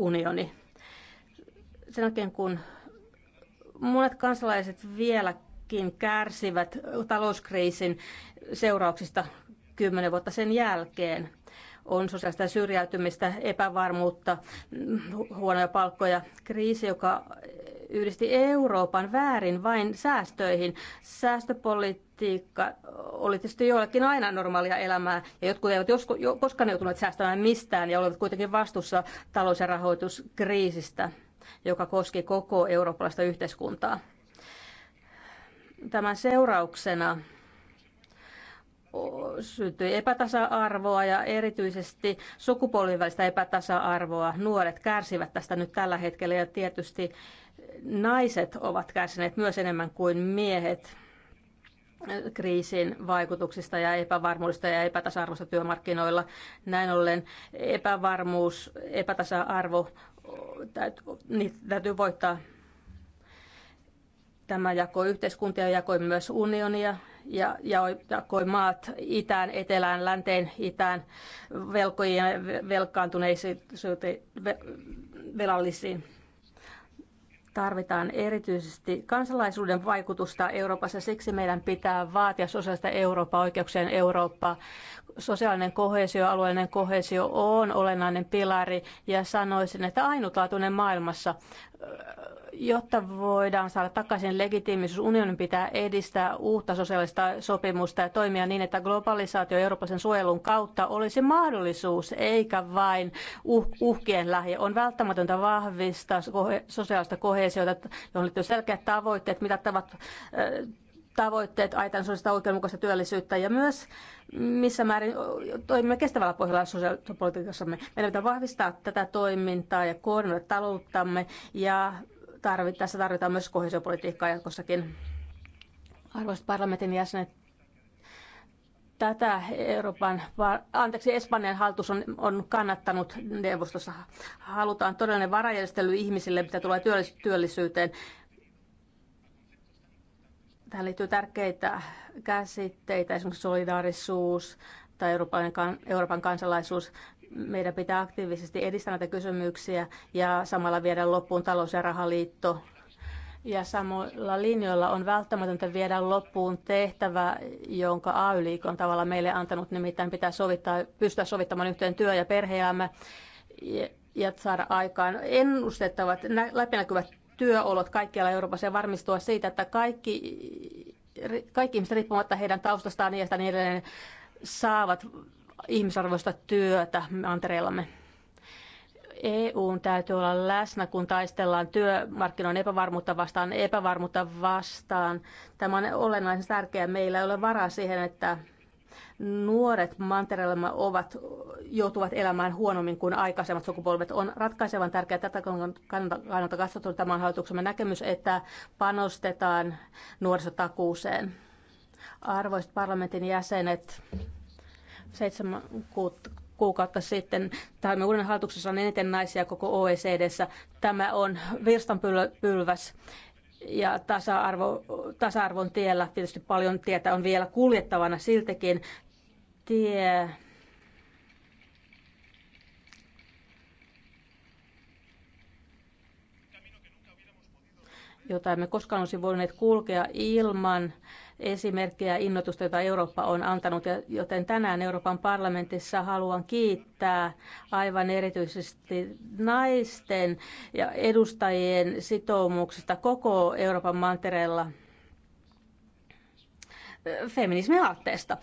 unioni. Sen jälkeen kun monet kansalaiset vieläkin kärsivät talouskriisin seurauksista kymmenen vuotta sen jälkeen, on sosiaalista syrjäytymistä, epävarmuutta, huonoja palkkoja, kriisi, joka yhdisti Euroopan väärin vain säästöihin. Säästöpolitiikka oli tietysti joillekin aina normaalia elämää, ja jotkut eivät josko, jo, koskaan joutuneet säästämään mistään, ja olivat kuitenkin vastuussa talous- ja rahoituskriisistä, joka koski koko eurooppalaista yhteiskuntaa. Tämän seurauksena syntyi epätasa-arvoa ja erityisesti sukupolvien välistä epätasa-arvoa. Nuoret kärsivät tästä nyt tällä hetkellä ja tietysti naiset ovat kärsineet myös enemmän kuin miehet kriisin vaikutuksista ja epävarmuudesta ja epätasa-arvosta työmarkkinoilla. Näin ollen epävarmuus, epätasa-arvo, niitä täytyy voittaa. Tämä jakoi yhteiskuntia, jakoi myös unionia ja jakoi maat itään, etelään, länteen, itään, velkojien velkaantuneisiin, velallisiin tarvitaan erityisesti kansalaisuuden vaikutusta Euroopassa. Siksi meidän pitää vaatia sosiaalista Eurooppaa, oikeuksien Eurooppaa. Sosiaalinen kohesio, alueellinen kohesio on olennainen pilari ja sanoisin, että ainutlaatuinen maailmassa Jotta voidaan saada takaisin legitiimisyys, unionin pitää edistää uutta sosiaalista sopimusta ja toimia niin, että globalisaatio Euroopan suojelun kautta olisi mahdollisuus, eikä vain uh- uhkien lähi. On välttämätöntä vahvistaa sosiaalista kohesiota, johon liittyy selkeät tavoitteet, mitattavat tavoitteet, ajatellaan sosiaalista oikeudenmukaista työllisyyttä ja myös missä määrin toimimme kestävällä pohjalla sosiaalipolitiikassamme. Meidän pitää vahvistaa tätä toimintaa ja koordinoida talouttamme ja tarvi, tässä tarvitaan myös kohesiopolitiikkaa jatkossakin. Arvoisat parlamentin jäsenet, tätä Euroopan, anteeksi, Espanjan hallitus on, on kannattanut neuvostossa. Halutaan todellinen varajärjestely ihmisille, mitä tulee työllisyyteen. Tähän liittyy tärkeitä käsitteitä, esimerkiksi solidaarisuus tai Euroopan, Euroopan kansalaisuus meidän pitää aktiivisesti edistää näitä kysymyksiä ja samalla viedä loppuun talous- ja rahaliitto. Ja samalla linjoilla on välttämätöntä viedä loppuun tehtävä, jonka AY-liike on tavalla meille antanut, nimittäin pitää sovittaa, pystyä sovittamaan yhteen työ- ja perheelämä ja saada aikaan ennustettavat, läpinäkyvät työolot kaikkialla Euroopassa ja varmistua siitä, että kaikki, kaikki ihmiset riippumatta heidän taustastaan ja niin edelleen saavat ihmisarvoista työtä mantereillamme. EUn täytyy olla läsnä, kun taistellaan työmarkkinoiden epävarmuutta vastaan, epävarmuutta vastaan. Tämä on olennaisen tärkeää. Meillä ei ole varaa siihen, että nuoret mantereellamme ovat, joutuvat elämään huonommin kuin aikaisemmat sukupolvet. On ratkaisevan tärkeää tätä kannalta katsottuna tämä on hallituksemme näkemys, että panostetaan nuorisotakuuseen. Arvoisat parlamentin jäsenet, Seitsemän kuukautta sitten tai uuden hallituksessa on eniten naisia koko OECDssä. Tämä on virstanpylväs ja tasa-arvo, tasa-arvon tiellä tietysti paljon tietä on vielä kuljettavana siltikin. Tie jota emme koskaan olisi voineet kulkea ilman esimerkkiä ja innotusta, jota Eurooppa on antanut. Joten tänään Euroopan parlamentissa haluan kiittää aivan erityisesti naisten ja edustajien sitoumuksesta koko Euroopan mantereella – feminismin aatteesta.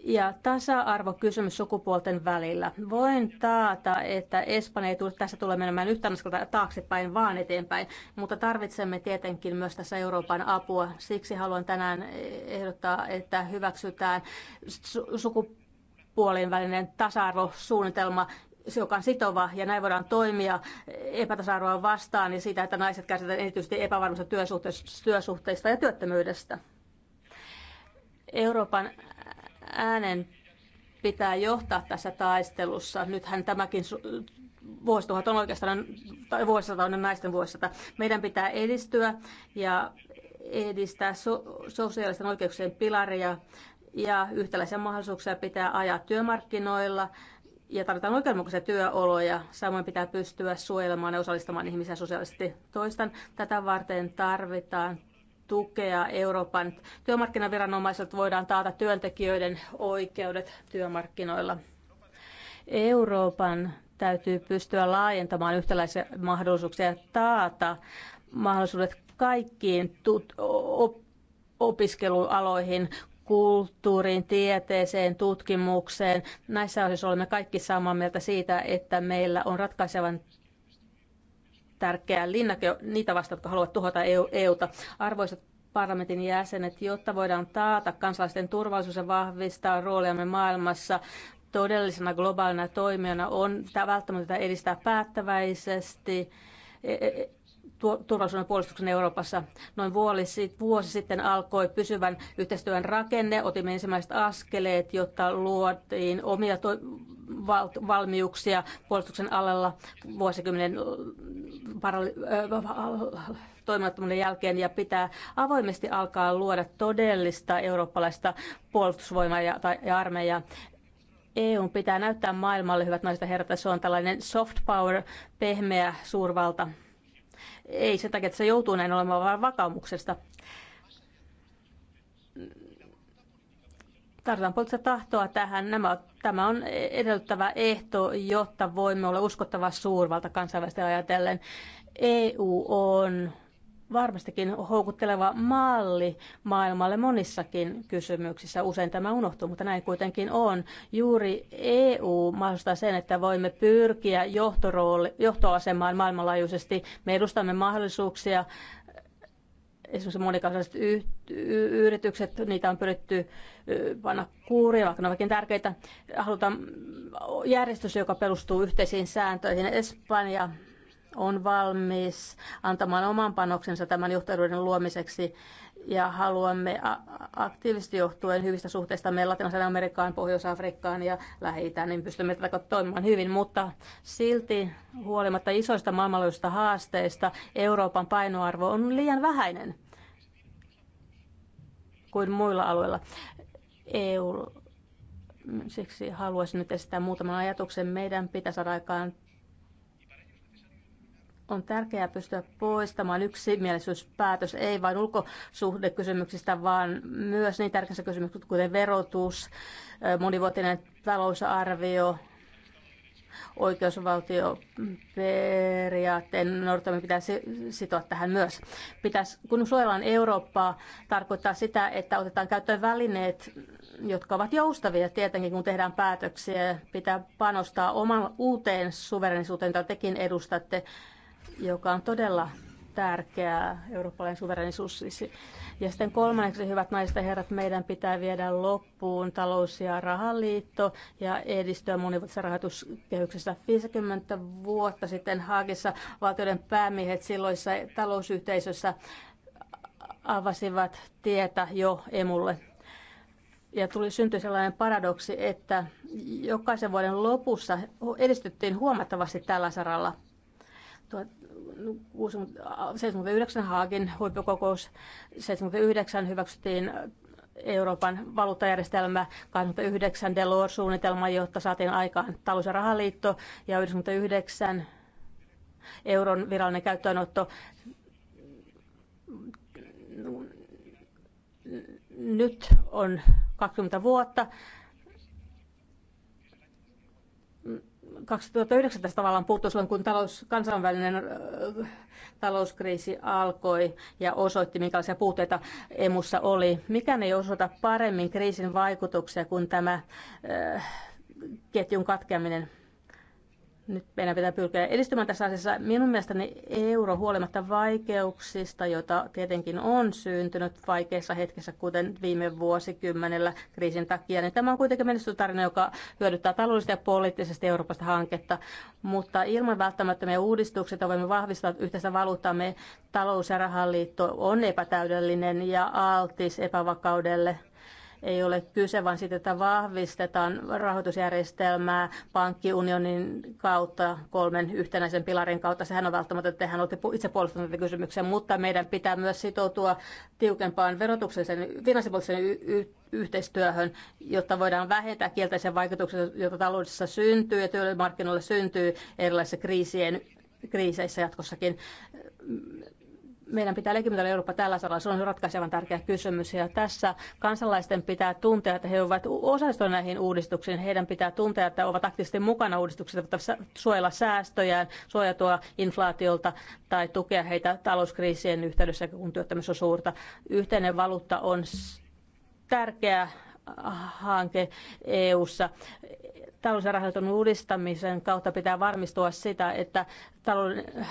Ja tasa-arvokysymys sukupuolten välillä. Voin taata, että Espanja ei tule, tässä tule menemään yhtään askelta taaksepäin, vaan eteenpäin. Mutta tarvitsemme tietenkin myös tässä Euroopan apua. Siksi haluan tänään ehdottaa, että hyväksytään su- sukupuolien välinen tasa-arvosuunnitelma, se, joka on sitova ja näin voidaan toimia epätasa-arvoa vastaan ja siitä, että naiset kärsivät erityisesti epävarmuista työsuhteista ja työttömyydestä. Euroopan äänen pitää johtaa tässä taistelussa. Nythän tämäkin vuosituhat on oikeastaan, tai vuosisata on naisten vuosisata. Meidän pitää edistyä ja edistää so- sosiaalisten oikeuksien pilaria ja yhtäläisiä mahdollisuuksia pitää ajaa työmarkkinoilla ja tarvitaan oikeudenmukaisia työoloja. Samoin pitää pystyä suojelemaan ja osallistamaan ihmisiä sosiaalisesti toistan. Tätä varten tarvitaan tukea Euroopan työmarkkinaviranomaiset voidaan taata työntekijöiden oikeudet työmarkkinoilla. Euroopan täytyy pystyä laajentamaan yhtäläisiä mahdollisuuksia ja taata mahdollisuudet kaikkiin tut- op- opiskelualoihin, kulttuuriin, tieteeseen, tutkimukseen. Näissä asioissa olemme kaikki samaa mieltä siitä, että meillä on ratkaisevan tärkeä linnake niitä vastaan, jotka haluavat tuhota EUta. E Arvoisat parlamentin jäsenet, jotta voidaan taata kansalaisten turvallisuus ja vahvistaa rooliamme maailmassa, todellisena globaalina toimijana on välttämätöntä edistää päättäväisesti e, e, turvallisuuden puolustuksen Euroopassa. Noin vuosi sitten alkoi pysyvän yhteistyön rakenne. Otimme ensimmäiset askeleet, jotta luotiin omia valmiuksia puolustuksen alalla vuosikymmenen toimimattomuuden jälkeen ja pitää avoimesti alkaa luoda todellista eurooppalaista puolustusvoimaa ja, tai, ja armeijaa. EU pitää näyttää maailmalle, hyvät naiset ja herrat, se on tällainen soft power, pehmeä suurvalta. Ei sen takia, että se joutuu näin olemaan, vaan vakaumuksesta. tarvitaan poliittista tahtoa tähän. Nämä, tämä on edellyttävä ehto, jotta voimme olla uskottava suurvalta kansainvälisesti ajatellen. EU on varmastikin houkutteleva malli maailmalle monissakin kysymyksissä. Usein tämä unohtuu, mutta näin kuitenkin on. Juuri EU mahdollistaa sen, että voimme pyrkiä johtorooli, johtoasemaan maailmanlaajuisesti. Me edustamme mahdollisuuksia esimerkiksi monikansalliset yritykset, niitä on pyritty panna kuuri vaikka ne ovatkin tärkeitä. Halutaan järjestys, joka perustuu yhteisiin sääntöihin. Espanja on valmis antamaan oman panoksensa tämän johtajuuden luomiseksi ja haluamme aktiivisesti johtuen hyvistä suhteista meillä Latinalaisen Amerikkaan, Pohjois-Afrikkaan ja lähi niin pystymme tätä toimimaan hyvin, mutta silti huolimatta isoista maailmanlaajuisista haasteista Euroopan painoarvo on liian vähäinen kuin muilla alueilla. EU siksi haluaisin nyt esittää muutaman ajatuksen. Meidän pitäisi saada aikaan on tärkeää pystyä poistamaan yksimielisyyspäätös, ei vain ulkosuhdekysymyksistä, vaan myös niin tärkeissä kysymyksissä, kuten verotus, monivuotinen talousarvio, oikeusvaltioperiaatteen noudattaminen pitäisi sitoa tähän myös. Pitäisi, kun suojellaan Eurooppaa, tarkoittaa sitä, että otetaan käyttöön välineet, jotka ovat joustavia tietenkin, kun tehdään päätöksiä. Pitää panostaa oman uuteen suverenisuuteen, jota tekin edustatte joka on todella tärkeää, eurooppalainen suverenisuus siis. Ja sitten kolmanneksi, hyvät naiset ja herrat, meidän pitää viedä loppuun talous- ja rahaliitto ja edistyä monivuotisessa rahoituskehyksessä. 50 vuotta sitten Haagissa valtioiden päämiehet silloissa talousyhteisössä avasivat tietä jo emulle. Ja tuli syntyi sellainen paradoksi, että jokaisen vuoden lopussa edistyttiin huomattavasti tällä saralla – 1979 no, Haagin huippukokous, 1979 hyväksyttiin Euroopan valuuttajärjestelmä, 2009 Delors-suunnitelma, jotta saatiin aikaan talous- ja rahaliitto, ja 1999 euron virallinen käyttöönotto. Nyt on 20 vuotta 2019 tavallaan puuttui silloin, kun talous, kansainvälinen talouskriisi alkoi ja osoitti, minkälaisia puutteita emussa oli. Mikään ei osoita paremmin kriisin vaikutuksia kuin tämä ketjun katkeaminen nyt meidän pitää pyrkiä edistymään tässä asiassa. Minun mielestäni euro huolimatta vaikeuksista, joita tietenkin on syntynyt vaikeissa hetkissä, kuten viime vuosikymmenellä kriisin takia, niin tämä on kuitenkin menestystarina, joka hyödyttää taloudellisesti ja poliittisesti Euroopasta hanketta. Mutta ilman välttämättömiä uudistuksia voimme vahvistaa yhteistä valuuttamme. Talous- ja rahaliitto on epätäydellinen ja altis epävakaudelle – ei ole kyse vaan siitä, että vahvistetaan rahoitusjärjestelmää pankkiunionin kautta, kolmen yhtenäisen pilarin kautta. Sehän on välttämättä, että hän olette itse puolustaneet tätä kysymyksiä, mutta meidän pitää myös sitoutua tiukempaan verotuksellisen, finanssipoliittisen y- yhteistyöhön, jotta voidaan vähentää kielteisiä vaikutuksia, joita taloudessa syntyy ja työmarkkinoilla syntyy erilaisissa kriisien kriiseissä jatkossakin meidän pitää legitimitellä Eurooppa tällä saralla. Se on ratkaisevan tärkeä kysymys. Ja tässä kansalaisten pitää tuntea, että he ovat osallistuneet näihin uudistuksiin. Heidän pitää tuntea, että ovat aktiivisesti mukana uudistuksissa, että suojella säästöjään, suojatua inflaatiolta tai tukea heitä talouskriisien yhteydessä, kun työttömyys on suurta. Yhteinen valuutta on tärkeä äh, hanke EU-ssa. Talous- ja uudistamisen kautta pitää varmistua sitä, että talouden, äh,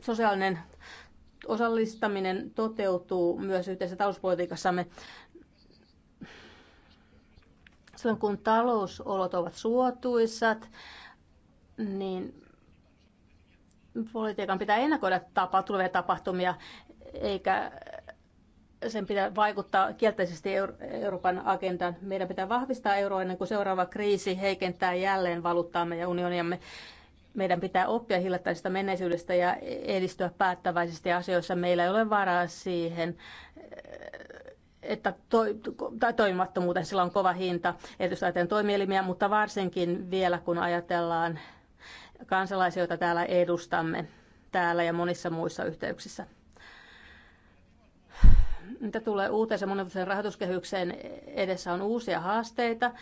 sosiaalinen osallistaminen toteutuu myös yhteisessä talouspolitiikassamme. Silloin kun talousolot ovat suotuisat, niin politiikan pitää ennakoida tapa, tulevia tapahtumia, eikä sen pitää vaikuttaa kielteisesti Euroopan agendaan. Meidän pitää vahvistaa euroa ennen kuin seuraava kriisi heikentää jälleen valuuttaamme ja unioniamme. Meidän pitää oppia hiljattaisesta menneisyydestä ja edistyä päättäväisesti asioissa. Meillä ei ole varaa siihen, että to, tai toimimattomuuteen sillä on kova hinta, edustajien toimielimiä, mutta varsinkin vielä kun ajatellaan kansalaisia, joita täällä edustamme täällä ja monissa muissa yhteyksissä. Mitä tulee uuteen ja rahoituskehykseen, edessä on uusia haasteita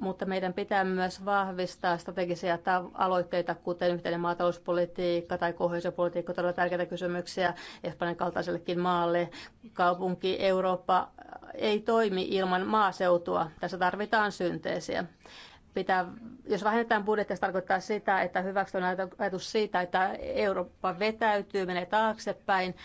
mutta meidän pitää myös vahvistaa strategisia aloitteita, kuten yhteinen maatalouspolitiikka tai kohdallisuuspolitiikka, todella tärkeitä kysymyksiä Espanjan kaltaisellekin maalle. Kaupunki Eurooppa ei toimi ilman maaseutua. Tässä tarvitaan synteesiä. Pitää, jos vähennetään budjettia, se tarkoittaa sitä, että hyväksytään ajatus siitä, että Eurooppa vetäytyy, menee taaksepäin.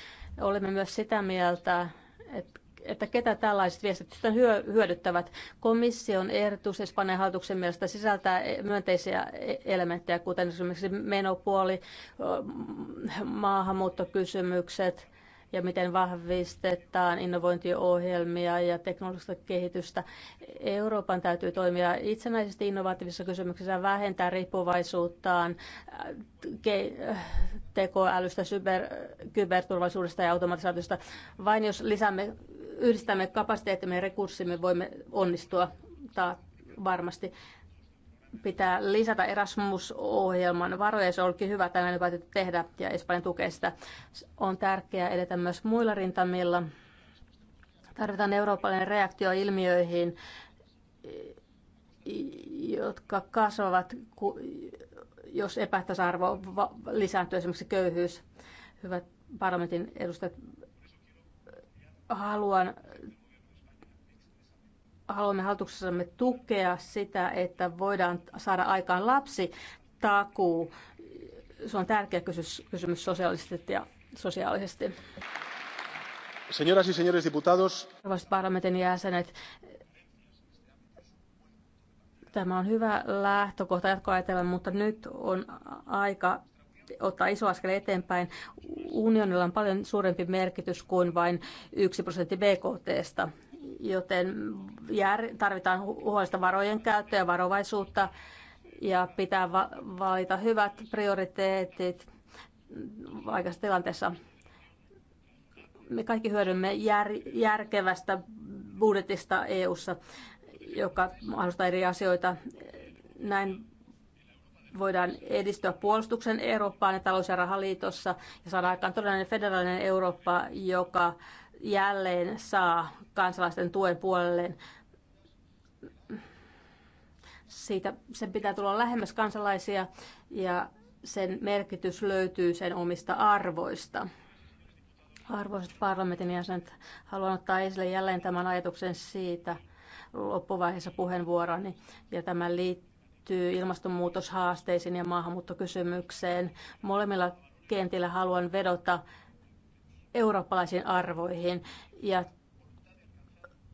Olemme myös sitä mieltä, että että ketä tällaiset viestit sitten hyödyttävät. Komission ehdotus Espanjan hallituksen mielestä sisältää myönteisiä e- elementtejä, kuten esimerkiksi menopuoli, maahanmuuttokysymykset ja miten vahvistetaan innovointiohjelmia ja teknologista kehitystä. Euroopan täytyy toimia itsenäisesti innovatiivisissa kysymyksissä, vähentää riippuvaisuuttaan äh, äh, tekoälystä, kyberturvallisuudesta ja automatisaatiosta. Vain jos lisäämme yhdistämme kapasiteettimme ja resurssimme, voimme onnistua ta- varmasti. Pitää lisätä Erasmus-ohjelman varoja, se olikin hyvä, tänään on päätetty tehdä, ja Espanjan tukee sitä. On tärkeää edetä myös muilla rintamilla. Tarvitaan eurooppalainen reaktio ilmiöihin, jotka kasvavat, jos epätasa-arvo lisääntyy, esimerkiksi köyhyys. Hyvät parlamentin edustajat, haluan haluamme hallituksessamme tukea sitä, että voidaan saada aikaan lapsi takuu. Se on tärkeä kysymys, kysymys sosiaalisesti ja sosiaalisesti. Señoras y señores diputados. Arvoisat parlamentin jäsenet, tämä on hyvä lähtökohta jatkoajatella, mutta nyt on aika ottaa iso askel eteenpäin. Unionilla on paljon suurempi merkitys kuin vain 1 prosentti BKTstä, joten tarvitaan huolesta varojen käyttöä ja varovaisuutta ja pitää valita hyvät prioriteetit vaikassa tilanteessa. Me kaikki hyödymme jär, järkevästä budjetista EU:ssa, joka mahdollistaa eri asioita. Näin voidaan edistyä puolustuksen Eurooppaan ja talous- ja rahaliitossa ja saada aikaan todellinen federaalinen Eurooppa, joka jälleen saa kansalaisten tuen puolelleen. Siitä sen pitää tulla lähemmäs kansalaisia ja sen merkitys löytyy sen omista arvoista. Arvoisat parlamentin jäsenet, haluan ottaa esille jälleen tämän ajatuksen siitä loppuvaiheessa puheenvuoroni ja tämä liittyy liittyy ilmastonmuutoshaasteisiin ja maahanmuuttokysymykseen. Molemmilla kentillä haluan vedota eurooppalaisiin arvoihin ja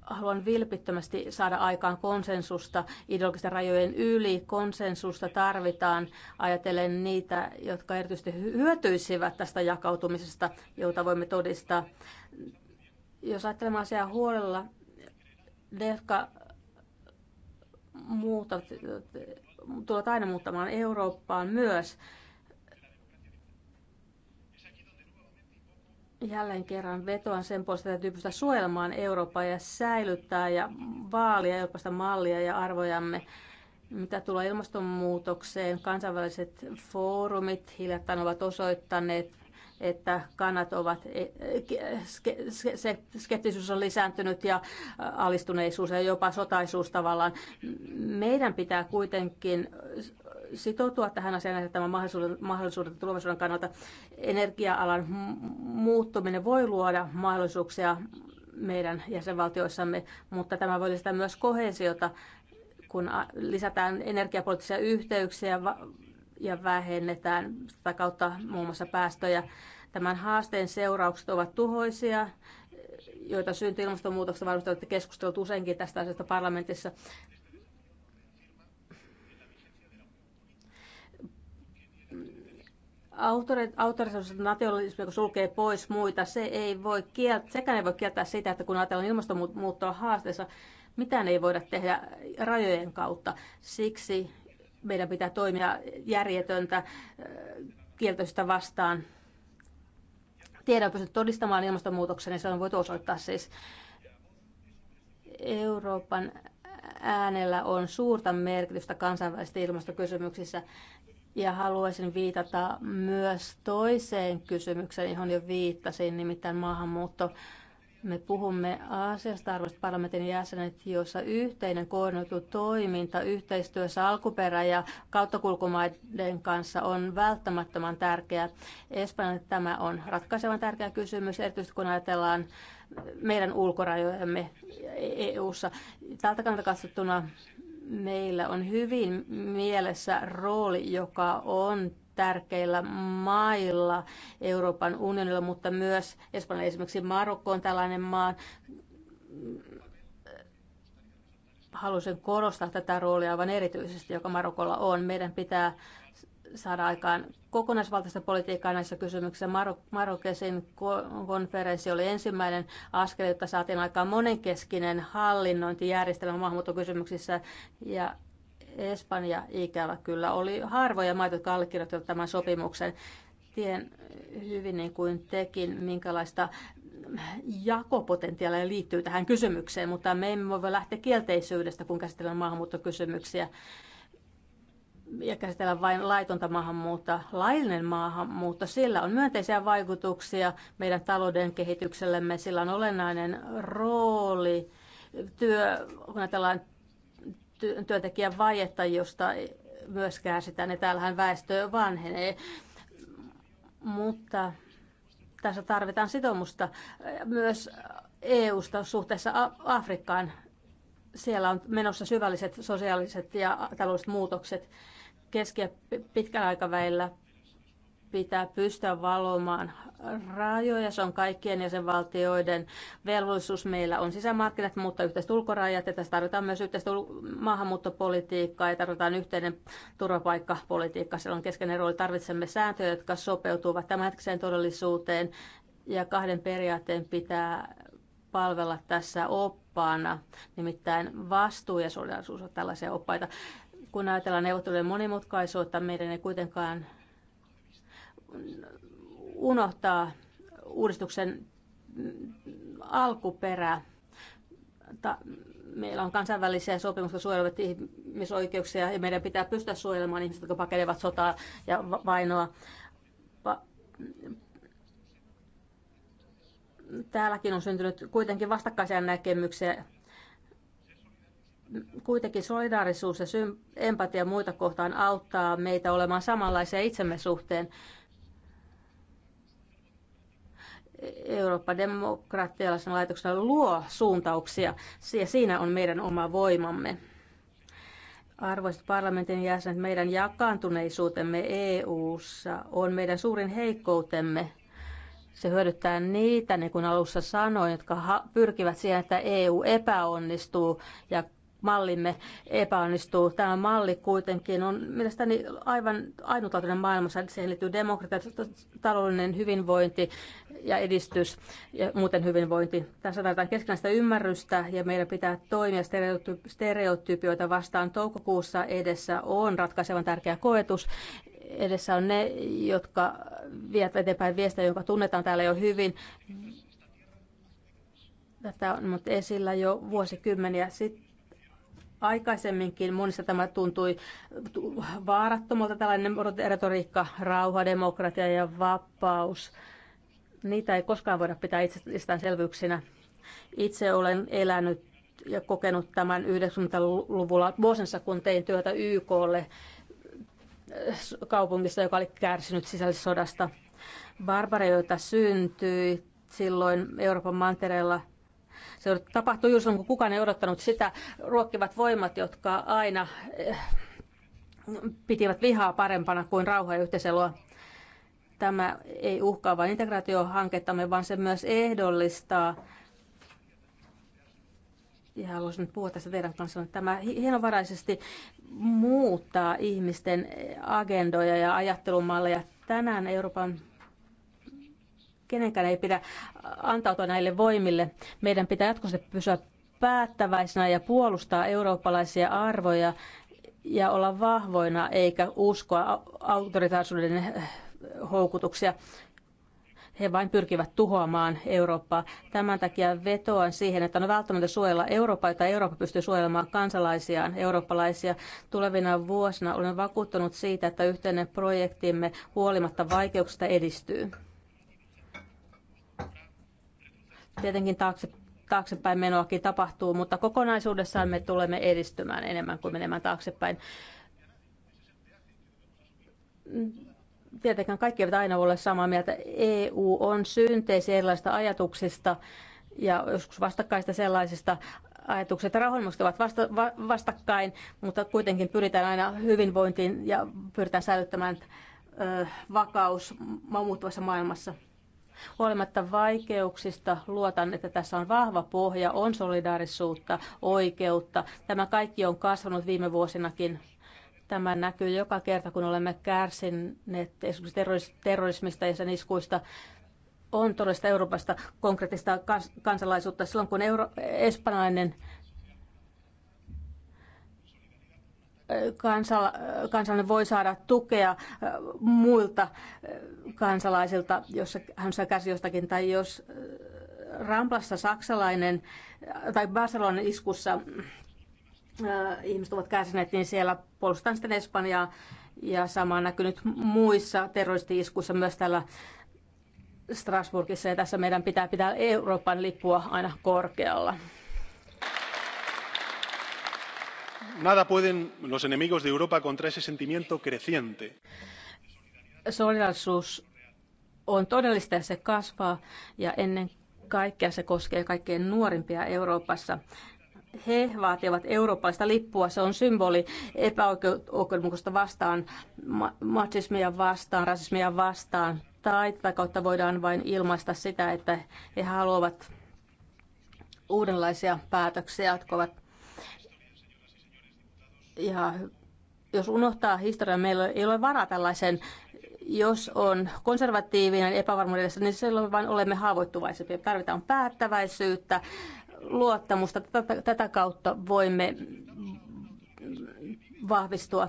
haluan vilpittömästi saada aikaan konsensusta ideologisten rajojen yli. Konsensusta tarvitaan ajatellen niitä, jotka erityisesti hyötyisivät tästä jakautumisesta, jota voimme todistaa. Jos ajattelemme asiaa huolella, ne, jotka muutat, tulet aina muuttamaan Eurooppaan myös. Jälleen kerran vetoan sen puolesta, että täytyy pystyä suojelemaan Eurooppaa ja säilyttää ja vaalia Euroopasta mallia ja arvojamme. Mitä tulee ilmastonmuutokseen, kansainväliset foorumit hiljattain ovat osoittaneet että kannat ovat, e, skeptisyys on lisääntynyt ja alistuneisuus ja jopa sotaisuus tavallaan. Meidän pitää kuitenkin sitoutua tähän asiaan tämän mahdollisuuden, mahdollisuuden tulevaisuuden kannalta. Energia-alan muuttuminen voi luoda mahdollisuuksia meidän jäsenvaltioissamme, mutta tämä voi lisätä myös kohesiota, kun lisätään energiapoliittisia yhteyksiä ja vähennetään sitä kautta muun muassa päästöjä. Tämän haasteen seuraukset ovat tuhoisia, joita syntyy ilmastonmuutoksesta varmasti olette keskustelut useinkin tästä asiasta parlamentissa. autoritaarisuus nationalismi, kun sulkee pois muita, se ei voi kieltää, sekään ei voi kieltää sitä, että kun ajatellaan ilmastonmuuttoa haasteessa, mitään ei voida tehdä rajojen kautta. Siksi meidän pitää toimia järjetöntä kieltoista vastaan. Tiedä on todistamaan ilmastonmuutoksen ja niin se on voitu osoittaa siis. Euroopan äänellä on suurta merkitystä kansainvälisissä ilmastokysymyksissä. Ja haluaisin viitata myös toiseen kysymykseen, johon jo viittasin, nimittäin maahanmuutto me puhumme asiasta arvoisat parlamentin jäsenet, jossa yhteinen koordinoitu toiminta yhteistyössä alkuperä- ja kauttakulkumaiden kanssa on välttämättömän tärkeää. Espanjalle tämä on ratkaisevan tärkeä kysymys, erityisesti kun ajatellaan meidän ulkorajojamme EU-ssa. Tältä kannalta katsottuna meillä on hyvin mielessä rooli, joka on tärkeillä mailla Euroopan unionilla, mutta myös Espanjalla esimerkiksi Marokko on tällainen maa. Haluaisin korostaa tätä roolia aivan erityisesti, joka Marokolla on. Meidän pitää saada aikaan kokonaisvaltaista politiikkaa näissä kysymyksissä. Marok Marokesin konferenssi oli ensimmäinen askel, jotta saatiin aikaan monenkeskinen hallinnointijärjestelmä maahanmuuttokysymyksissä ja Espanja ikävä kyllä oli harvoja maita, jotka allekirjoittivat tämän sopimuksen. Tien hyvin niin kuin tekin, minkälaista jakopotentiaalia liittyy tähän kysymykseen, mutta me emme voi lähteä kielteisyydestä, kun käsitellään maahanmuuttokysymyksiä ja käsitellään vain laitonta maahanmuutta. Laillinen maahanmuutto, sillä on myönteisiä vaikutuksia meidän talouden kehityksellemme, sillä on olennainen rooli työ, kun ajatellaan työntekijän vajetta, josta myöskään sitä, ne täällähän väestö vanhenee. Mutta tässä tarvitaan sitoumusta myös EU-sta suhteessa Afrikkaan. Siellä on menossa syvälliset sosiaaliset ja taloudelliset muutokset keski- ja pitkällä aikavälillä pitää pystyä valvomaan rajoja. Se on kaikkien jäsenvaltioiden velvollisuus. Meillä on sisämarkkinat, mutta yhteiset ulkorajat ja tässä tarvitaan myös yhteistä maahanmuuttopolitiikkaa ja tarvitaan yhteinen turvapaikkapolitiikka. Siellä on keskeinen rooli. Tarvitsemme sääntöjä, jotka sopeutuvat tämänhetkiseen todellisuuteen ja kahden periaatteen pitää palvella tässä oppaana, nimittäin vastuu ja solidaarisuus on tällaisia oppaita kun ajatellaan neuvottelujen monimutkaisuutta, meidän ei kuitenkaan unohtaa uudistuksen alkuperä. Ta- meillä on kansainvälisiä sopimuksia suojelevat ihmisoikeuksia ja meidän pitää pystyä suojelemaan ihmisiä, jotka pakenevat sotaa ja vainoa. Va- Täälläkin on syntynyt kuitenkin vastakkaisia näkemyksiä. Kuitenkin solidaarisuus ja empatia muita kohtaan auttaa meitä olemaan samanlaisia itsemme suhteen. Euroopan demokraattialaisena laitoksena luo suuntauksia, ja siinä on meidän oma voimamme. Arvoisat parlamentin jäsenet, meidän jakaantuneisuutemme EU:ssa on meidän suurin heikkoutemme. Se hyödyttää niitä, niin kuin alussa sanoin, jotka pyrkivät siihen, että EU epäonnistuu ja mallimme epäonnistuu. Tämä malli kuitenkin on mielestäni aivan ainutlaatuinen maailmassa. Siihen liittyy demokratia, taloudellinen hyvinvointi ja edistys ja muuten hyvinvointi. Tässä tarvitaan keskinäistä ymmärrystä ja meidän pitää toimia stereotypioita vastaan. Toukokuussa edessä on ratkaisevan tärkeä koetus edessä on ne, jotka vievät eteenpäin viestiä, joka tunnetaan täällä jo hyvin. Tätä on ollut esillä jo vuosikymmeniä sitten Aikaisemminkin monissa tämä tuntui vaarattomalta tällainen retoriikka, rauha, demokratia ja vapaus. Niitä ei koskaan voida pitää itsestäänselvyyksinä. Itse olen elänyt ja kokenut tämän 90-luvulla vuosensa, kun tein työtä YKlle kaupungissa, joka oli kärsinyt sisällissodasta. Barbareita syntyi silloin Euroopan mantereella – se tapahtui juuri silloin, kun kukaan ei odottanut sitä. Ruokkivat voimat, jotka aina eh, pitivät vihaa parempana kuin rauha ja yhteiselua. Tämä ei uhkaa vain integraatiohankettamme, vaan se myös ehdollistaa ja haluaisin nyt puhua tästä teidän kanssa, että tämä hienovaraisesti muuttaa ihmisten agendoja ja ajattelumalleja. Tänään Euroopan kenenkään ei pidä antautua näille voimille. Meidän pitää jatkuvasti pysyä päättäväisenä ja puolustaa eurooppalaisia arvoja ja olla vahvoina eikä uskoa autoritaarisuuden houkutuksia. He vain pyrkivät tuhoamaan Eurooppaa. Tämän takia vetoan siihen, että on välttämättä suojella Eurooppaa, jota Eurooppa pystyy suojelemaan kansalaisiaan, eurooppalaisia. Tulevina vuosina olen vakuuttunut siitä, että yhteinen projektimme huolimatta vaikeuksista edistyy. Tietenkin taakse, taaksepäin menoakin tapahtuu, mutta kokonaisuudessaan me tulemme edistymään enemmän kuin menemään taaksepäin. Tietenkään kaikki eivät aina ole samaa mieltä. EU on synteisi erilaisista ajatuksista ja joskus vastakkaista sellaisista ajatuksista ja rahoitukset ovat vasta, va, vastakkain, mutta kuitenkin pyritään aina hyvinvointiin ja pyritään säilyttämään ö, vakaus muuttuvassa maailmassa. Huolimatta vaikeuksista luotan, että tässä on vahva pohja, on solidaarisuutta, oikeutta. Tämä kaikki on kasvanut viime vuosinakin tämä näkyy joka kerta, kun olemme kärsineet esimerkiksi terrorismista ja sen iskuista on todellista Euroopasta konkreettista kansalaisuutta. Silloin kun euro- espanjalainen kansala, kansalainen voi saada tukea muilta kansalaisilta, jos hän saa käsi jostakin, tai jos Ramplassa saksalainen tai Barcelonan iskussa ihmiset ovat kärsineet, niin siellä puolustetaan sitten Espanjaa ja sama on näkynyt muissa terroristi-iskuissa myös täällä Strasbourgissa ja tässä meidän pitää pitää Euroopan lippua aina korkealla. Nada pueden los enemigos de Europa contra ese sentimiento creciente. Solidarisuus on todellista ja se kasvaa ja ennen kaikkea se koskee kaikkein nuorimpia Euroopassa. He vaativat eurooppalaista lippua, se on symboli epäoikeudenmukaisuutta vastaan, machismia vastaan, rasismia vastaan. Tai tätä kautta voidaan vain ilmaista sitä, että he haluavat uudenlaisia päätöksiä, jotka ovat ja jos unohtaa historian, meillä ei ole varaa tällaisen jos on konservatiivinen epävarmuudessa, niin silloin vain olemme haavoittuvaisempia. Tarvitaan päättäväisyyttä, luottamusta. Tätä, tätä kautta voimme vahvistua.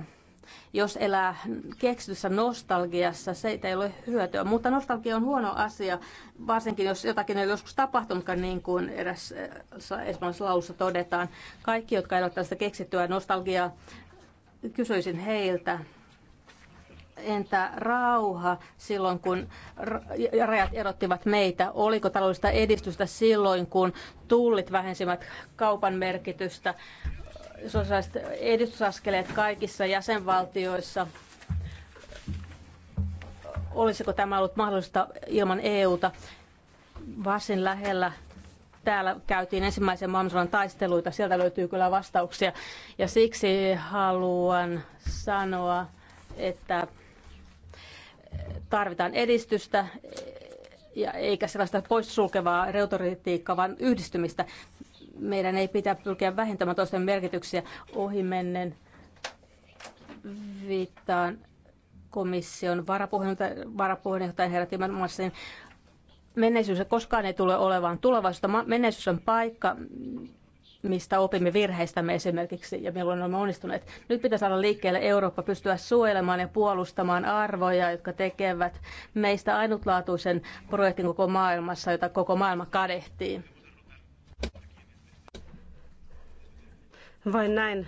Jos elää keksityssä nostalgiassa, se ei ole hyötyä. Mutta nostalgia on huono asia, varsinkin jos jotakin ei joskus tapahtunut, niin kuin eräs äh, espanjalaisessa laulussa todetaan. Kaikki, jotka eivät tällaista keksittyä nostalgiaa, kysyisin heiltä, entä rauha silloin, kun rajat erottivat meitä? Oliko taloudellista edistystä silloin, kun tullit vähensivät kaupan merkitystä? sosiaaliset edistysaskeleet kaikissa jäsenvaltioissa. Olisiko tämä ollut mahdollista ilman EUta? Varsin lähellä täällä käytiin ensimmäisen maailmansodan taisteluita, sieltä löytyy kyllä vastauksia. Ja siksi haluan sanoa, että tarvitaan edistystä ja eikä sellaista poissulkevaa retoriikkaa, vaan yhdistymistä meidän ei pitää pyrkiä vähentämään toisten merkityksiä ohimennen viittaan komission varapuheenjohtajan, herra Timmermansin menneisyys koskaan ei tule olevaan tulevaisuutta. Menneisyys on paikka, mistä opimme virheistämme esimerkiksi ja milloin olemme onnistuneet. Nyt pitää saada liikkeelle Eurooppa pystyä suojelemaan ja puolustamaan arvoja, jotka tekevät meistä ainutlaatuisen projektin koko maailmassa, jota koko maailma kadehtii. Vain näin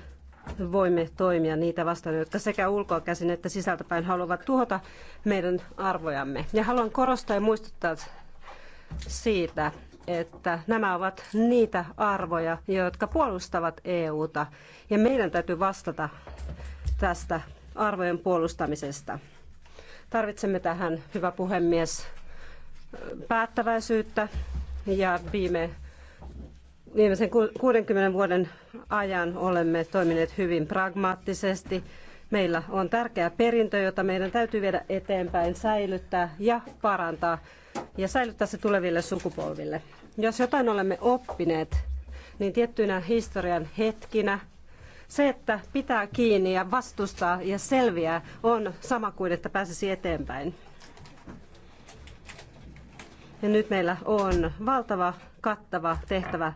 voimme toimia niitä vastaan, jotka sekä ulkoa käsin että sisältäpäin haluavat tuhota meidän arvojamme. Ja haluan korostaa ja muistuttaa siitä, että nämä ovat niitä arvoja, jotka puolustavat EUta. Ja meidän täytyy vastata tästä arvojen puolustamisesta. Tarvitsemme tähän, hyvä puhemies, päättäväisyyttä. Ja viime viimeisen 60 vuoden ajan olemme toimineet hyvin pragmaattisesti. Meillä on tärkeä perintö, jota meidän täytyy viedä eteenpäin, säilyttää ja parantaa ja säilyttää se tuleville sukupolville. Jos jotain olemme oppineet, niin tiettynä historian hetkinä se, että pitää kiinni ja vastustaa ja selviää, on sama kuin, että pääsisi eteenpäin. Ja nyt meillä on valtava kattava tehtävä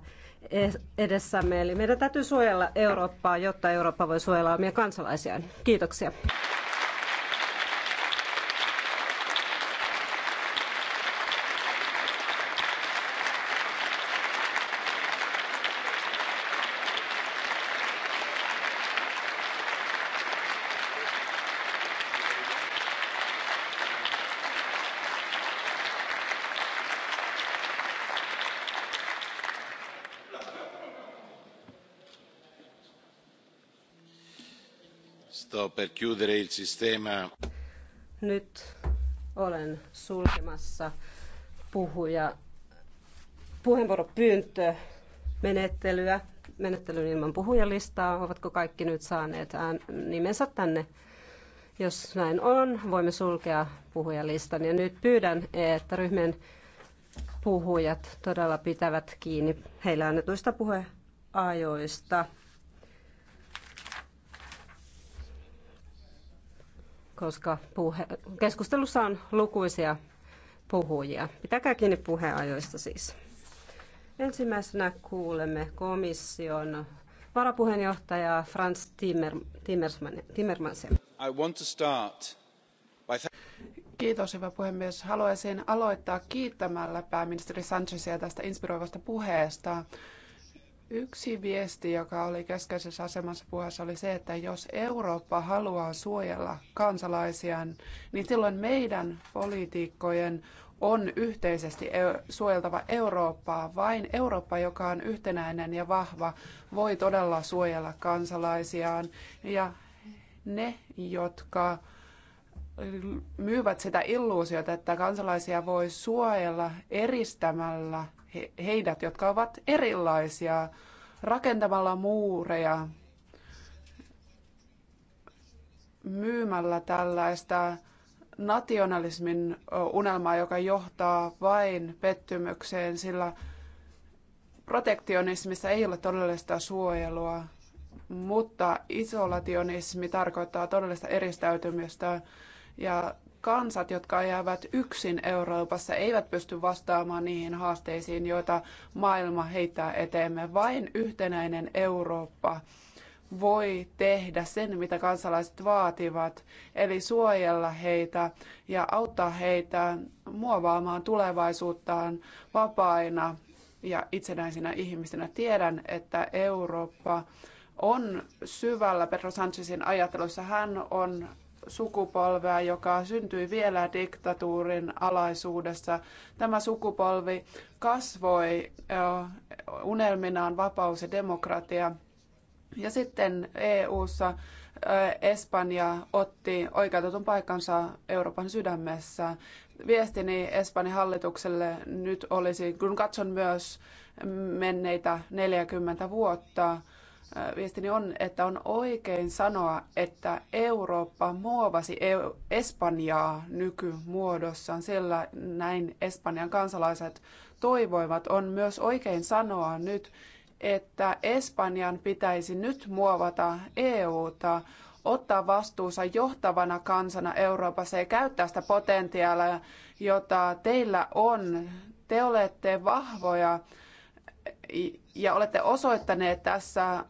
edessämme. Eli meidän täytyy suojella Eurooppaa, jotta Eurooppa voi suojella omia kansalaisiaan. Kiitoksia. Nyt olen sulkemassa puhuja puheenvuoropyyntö menettelyä. Menettelyn ilman puhujalistaa. Ovatko kaikki nyt saaneet nimensä tänne? Jos näin on, voimme sulkea puhujalistan. Ja nyt pyydän, että ryhmien puhujat todella pitävät kiinni heille annetuista puheajoista. koska puhe, keskustelussa on lukuisia puhujia. Pitäkää kiinni puheajoista siis. Ensimmäisenä kuulemme komission varapuheenjohtaja Franz Timmer, Timmermansia. Kiitos, hyvä puhemies. Haluaisin aloittaa kiittämällä pääministeri Sanchezia tästä inspiroivasta puheesta. Yksi viesti, joka oli keskeisessä asemassa puheessa, oli se, että jos Eurooppa haluaa suojella kansalaisiaan, niin silloin meidän poliitikkojen on yhteisesti e- suojeltava Eurooppaa. Vain Eurooppa, joka on yhtenäinen ja vahva, voi todella suojella kansalaisiaan. Ja ne, jotka myyvät sitä illuusiota, että kansalaisia voi suojella eristämällä he, heidät, jotka ovat erilaisia, rakentamalla muureja, myymällä tällaista nationalismin unelmaa, joka johtaa vain pettymykseen, sillä protektionismissa ei ole todellista suojelua, mutta isolationismi tarkoittaa todellista eristäytymistä ja kansat, jotka jäävät yksin Euroopassa, eivät pysty vastaamaan niihin haasteisiin, joita maailma heittää eteemme. Vain yhtenäinen Eurooppa voi tehdä sen, mitä kansalaiset vaativat, eli suojella heitä ja auttaa heitä muovaamaan tulevaisuuttaan vapaina ja itsenäisinä ihmisinä. Tiedän, että Eurooppa on syvällä Pedro Sanchezin ajattelussa. Hän on sukupolvea, joka syntyi vielä diktatuurin alaisuudessa. Tämä sukupolvi kasvoi unelminaan vapaus ja demokratia. Ja sitten EU:ssa Espanja otti oikeutetun paikkansa Euroopan sydämessä. Viestini Espanjan hallitukselle nyt olisi, kun katson myös menneitä 40 vuotta, viestini on, että on oikein sanoa, että Eurooppa muovasi e- Espanjaa nykymuodossaan, sillä näin Espanjan kansalaiset toivoivat. On myös oikein sanoa nyt, että Espanjan pitäisi nyt muovata EUta, ottaa vastuunsa johtavana kansana Euroopassa ja käyttää sitä potentiaalia, jota teillä on. Te olette vahvoja ja olette osoittaneet tässä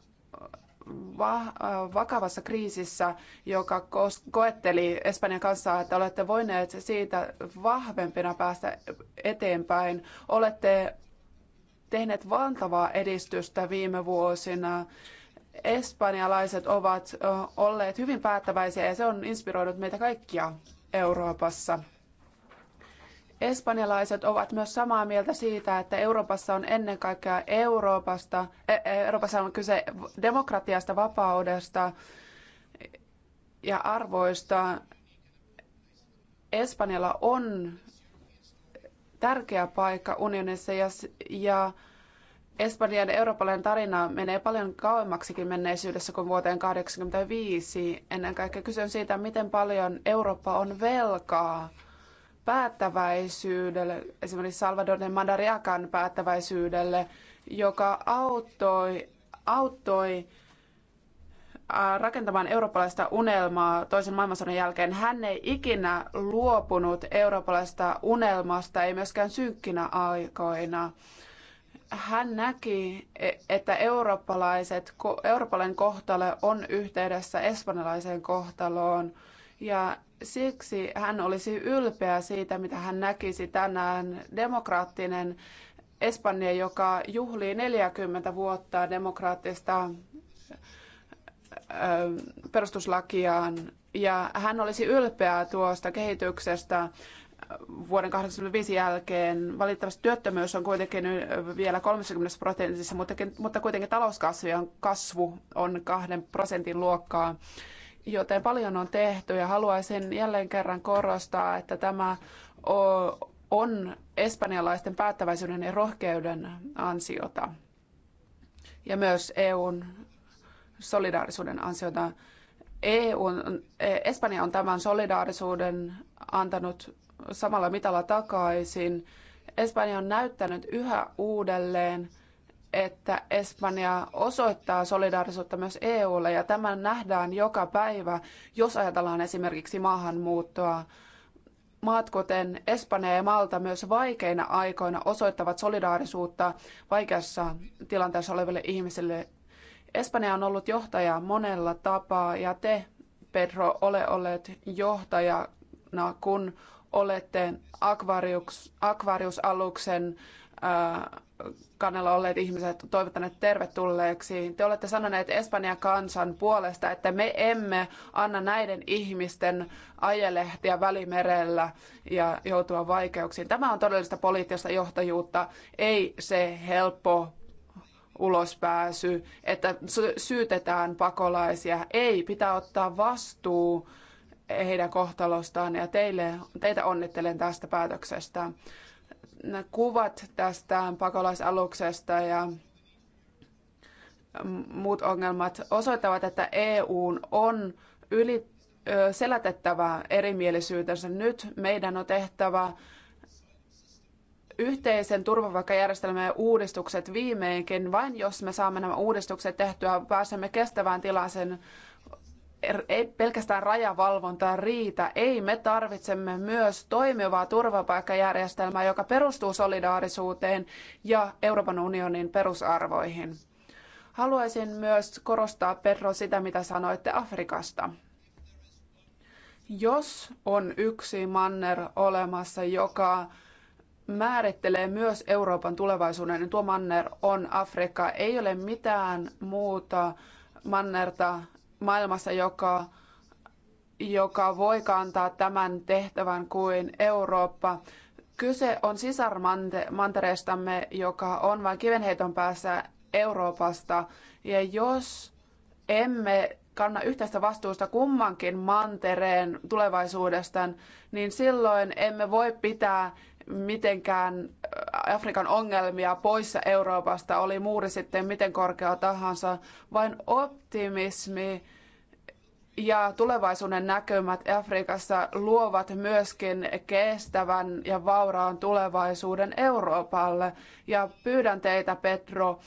vakavassa kriisissä, joka koetteli Espanjan kanssa, että olette voineet siitä vahvempina päästä eteenpäin. Olette tehneet valtavaa edistystä viime vuosina. Espanjalaiset ovat olleet hyvin päättäväisiä ja se on inspiroinut meitä kaikkia Euroopassa. Espanjalaiset ovat myös samaa mieltä siitä, että Euroopassa on ennen kaikkea Euroopasta, e, e, Euroopassa on kyse demokratiasta, vapaudesta ja arvoista. Espanjalla on tärkeä paikka unionissa ja, ja Espanjan eurooppalainen tarina menee paljon kauemmaksikin menneisyydessä kuin vuoteen 1985. Ennen kaikkea kyse on siitä, miten paljon Eurooppa on velkaa päättäväisyydelle, esimerkiksi Salvador de Madariakan päättäväisyydelle, joka auttoi, auttoi rakentamaan eurooppalaista unelmaa toisen maailmansodan jälkeen. Hän ei ikinä luopunut eurooppalaista unelmasta, ei myöskään synkkinä aikoina. Hän näki, e, että eurooppalaiset, eurooppalainen kohtalo on yhteydessä espanjalaiseen kohtaloon. Ja Siksi hän olisi ylpeä siitä, mitä hän näkisi tänään. Demokraattinen Espanja, joka juhlii 40 vuotta demokraattista perustuslakiaan. Ja hän olisi ylpeä tuosta kehityksestä vuoden 1985 jälkeen. Valitettavasti työttömyys on kuitenkin vielä 30 prosentissa, mutta kuitenkin talouskasvu on kahden prosentin luokkaa joten paljon on tehty ja haluaisin jälleen kerran korostaa, että tämä on espanjalaisten päättäväisyyden ja rohkeuden ansiota ja myös EUn solidaarisuuden ansiota. EU, Espanja on tämän solidaarisuuden antanut samalla mitalla takaisin. Espanja on näyttänyt yhä uudelleen, että Espanja osoittaa solidaarisuutta myös EUlle ja tämän nähdään joka päivä, jos ajatellaan esimerkiksi maahanmuuttoa. Maat kuten Espanja ja Malta myös vaikeina aikoina osoittavat solidaarisuutta vaikeassa tilanteessa oleville ihmisille. Espanja on ollut johtaja monella tapaa ja te, Pedro, ole olleet johtajana, kun olette Aquarius, Aquarius-aluksen Äh, kannella olleet ihmiset toivottaneet tervetulleeksi. Te olette sanoneet Espanjan kansan puolesta, että me emme anna näiden ihmisten ajelehtiä välimerellä ja joutua vaikeuksiin. Tämä on todellista poliittista johtajuutta, ei se helppo ulospääsy, että syytetään pakolaisia. Ei, pitää ottaa vastuu heidän kohtalostaan ja teille, teitä onnittelen tästä päätöksestä kuvat tästä pakolaisaluksesta ja muut ongelmat osoittavat, että EU on yli selätettävä erimielisyytensä. Nyt meidän on tehtävä yhteisen turvapaikkajärjestelmän uudistukset viimeinkin. Vain jos me saamme nämä uudistukset tehtyä, pääsemme kestävään tilaan sen Er- ei pelkästään rajavalvontaa riitä. Ei, me tarvitsemme myös toimivaa turvapaikkajärjestelmää, joka perustuu solidaarisuuteen ja Euroopan unionin perusarvoihin. Haluaisin myös korostaa, Pedro, sitä, mitä sanoitte Afrikasta. Jos on yksi manner olemassa, joka määrittelee myös Euroopan tulevaisuuden, niin tuo manner on Afrikka. Ei ole mitään muuta mannerta maailmassa, joka, joka voi kantaa tämän tehtävän kuin Eurooppa. Kyse on sisarmantereestamme, joka on vain kivenheiton päässä Euroopasta. Ja jos emme kanna yhteistä vastuusta kummankin mantereen tulevaisuudesta, niin silloin emme voi pitää mitenkään äh, Afrikan ongelmia poissa Euroopasta, oli muuri sitten miten korkea tahansa, vain optimismi ja tulevaisuuden näkymät Afrikassa luovat myöskin kestävän ja vauraan tulevaisuuden Euroopalle. Ja pyydän teitä, Petro,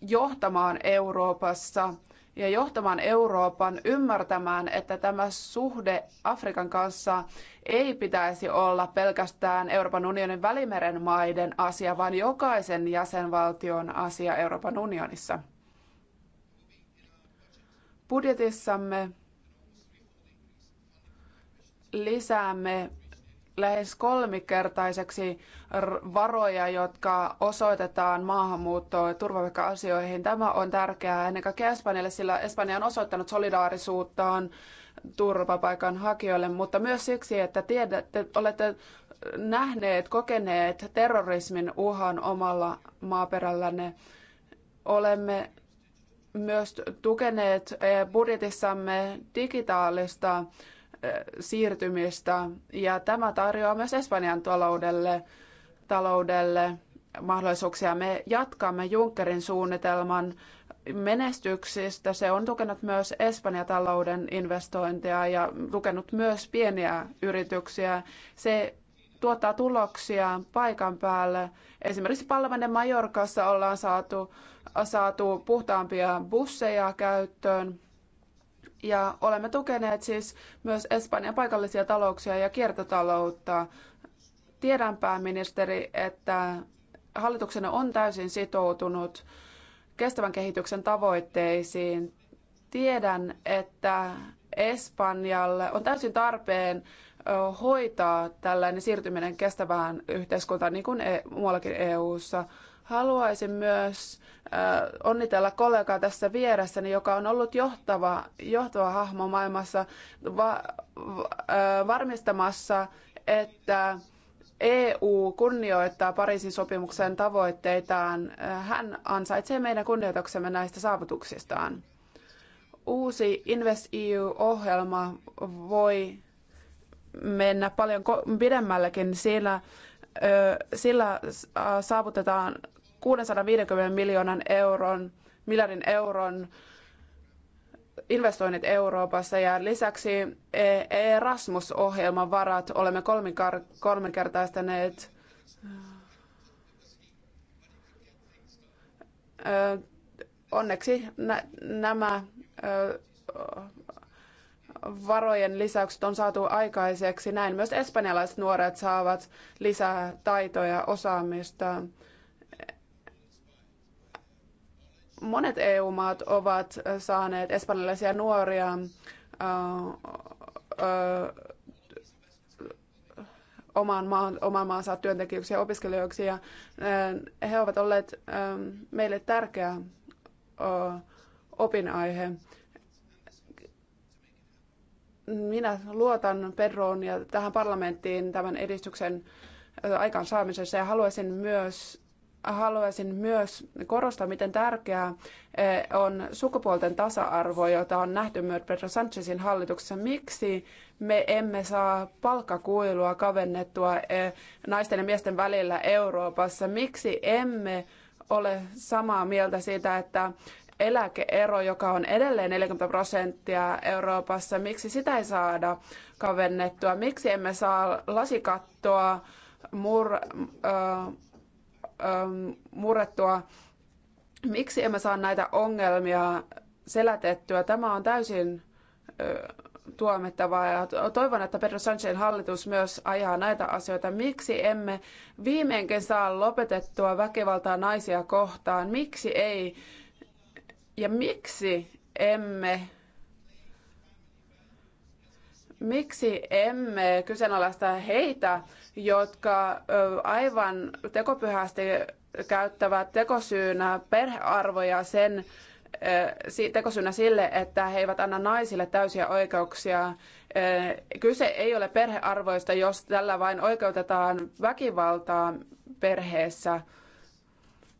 johtamaan Euroopassa ja johtamaan Euroopan ymmärtämään, että tämä suhde Afrikan kanssa ei pitäisi olla pelkästään Euroopan unionin välimeren maiden asia, vaan jokaisen jäsenvaltion asia Euroopan unionissa. Budjetissamme lisäämme lähes kolmikertaiseksi varoja, jotka osoitetaan maahanmuuttoon ja turvapaikka-asioihin. Tämä on tärkeää ennen kaikkea Espanjalle, sillä Espanja on osoittanut solidaarisuuttaan turvapaikanhakijoille, mutta myös siksi, että tiedätte, olette nähneet, kokeneet terrorismin uhan omalla maaperällänne. Olemme myös tukeneet eh, budjetissamme digitaalista siirtymistä ja tämä tarjoaa myös Espanjan taloudelle, taloudelle mahdollisuuksia. Me jatkamme Junckerin suunnitelman menestyksistä. Se on tukenut myös Espanjan talouden investointeja ja tukenut myös pieniä yrityksiä. Se tuottaa tuloksia paikan päälle. Esimerkiksi Palmanen Majorkassa ollaan saatu, saatu puhtaampia busseja käyttöön ja olemme tukeneet siis myös Espanjan paikallisia talouksia ja kiertotaloutta. Tiedän pääministeri, että hallituksenne on täysin sitoutunut kestävän kehityksen tavoitteisiin. Tiedän, että Espanjalle on täysin tarpeen hoitaa tällainen siirtyminen kestävään yhteiskuntaan, niin kuin e-, muuallakin EU-ssa. Haluaisin myös onnitella kollegaa tässä vieressäni, joka on ollut johtava, johtava hahmo maailmassa va, va, varmistamassa, että EU kunnioittaa Pariisin sopimuksen tavoitteitaan. Hän ansaitsee meidän kunnioituksemme näistä saavutuksistaan. Uusi eu e ohjelma voi mennä paljon pidemmällekin, sillä, sillä saavutetaan 650 miljoonan euron, miljardin euron investoinnit Euroopassa ja lisäksi e- Erasmus-ohjelman varat olemme kolminkertaistaneet onneksi nämä varojen lisäykset on saatu aikaiseksi. Näin myös espanjalaiset nuoret saavat lisää taitoja ja osaamista. monet EU-maat ovat äh, saaneet espanjalaisia nuoria äh, äh, oman, maan, oman maansa työntekijöiksi ja opiskelijoiksi. Ja he ovat olleet ähm, meille tärkeä opinaihe. Minä luotan Pedroon ja tähän parlamenttiin tämän edistyksen aikaansaamisessa ja haluaisin myös haluaisin myös korostaa, miten tärkeää eh, on sukupuolten tasa-arvo, jota on nähty myös Pedro Sanchezin hallituksessa. Miksi me emme saa palkkakuilua kavennettua eh, naisten ja miesten välillä Euroopassa? Miksi emme ole samaa mieltä siitä, että eläkeero, joka on edelleen 40 prosenttia Euroopassa, miksi sitä ei saada kavennettua? Miksi emme saa lasikattoa mur, äh, Ähm, murrettua. Miksi emme saa näitä ongelmia selätettyä? Tämä on täysin tuomittavaa ja toivon, että Pedro Sanchezin hallitus myös ajaa näitä asioita. Miksi emme viimeinkin saa lopetettua väkivaltaa naisia kohtaan? Miksi ei? Ja miksi emme miksi emme kyseenalaista heitä, jotka aivan tekopyhästi käyttävät tekosyynä perhearvoja sen, tekosyynä sille, että he eivät anna naisille täysiä oikeuksia. Kyse ei ole perhearvoista, jos tällä vain oikeutetaan väkivaltaa perheessä.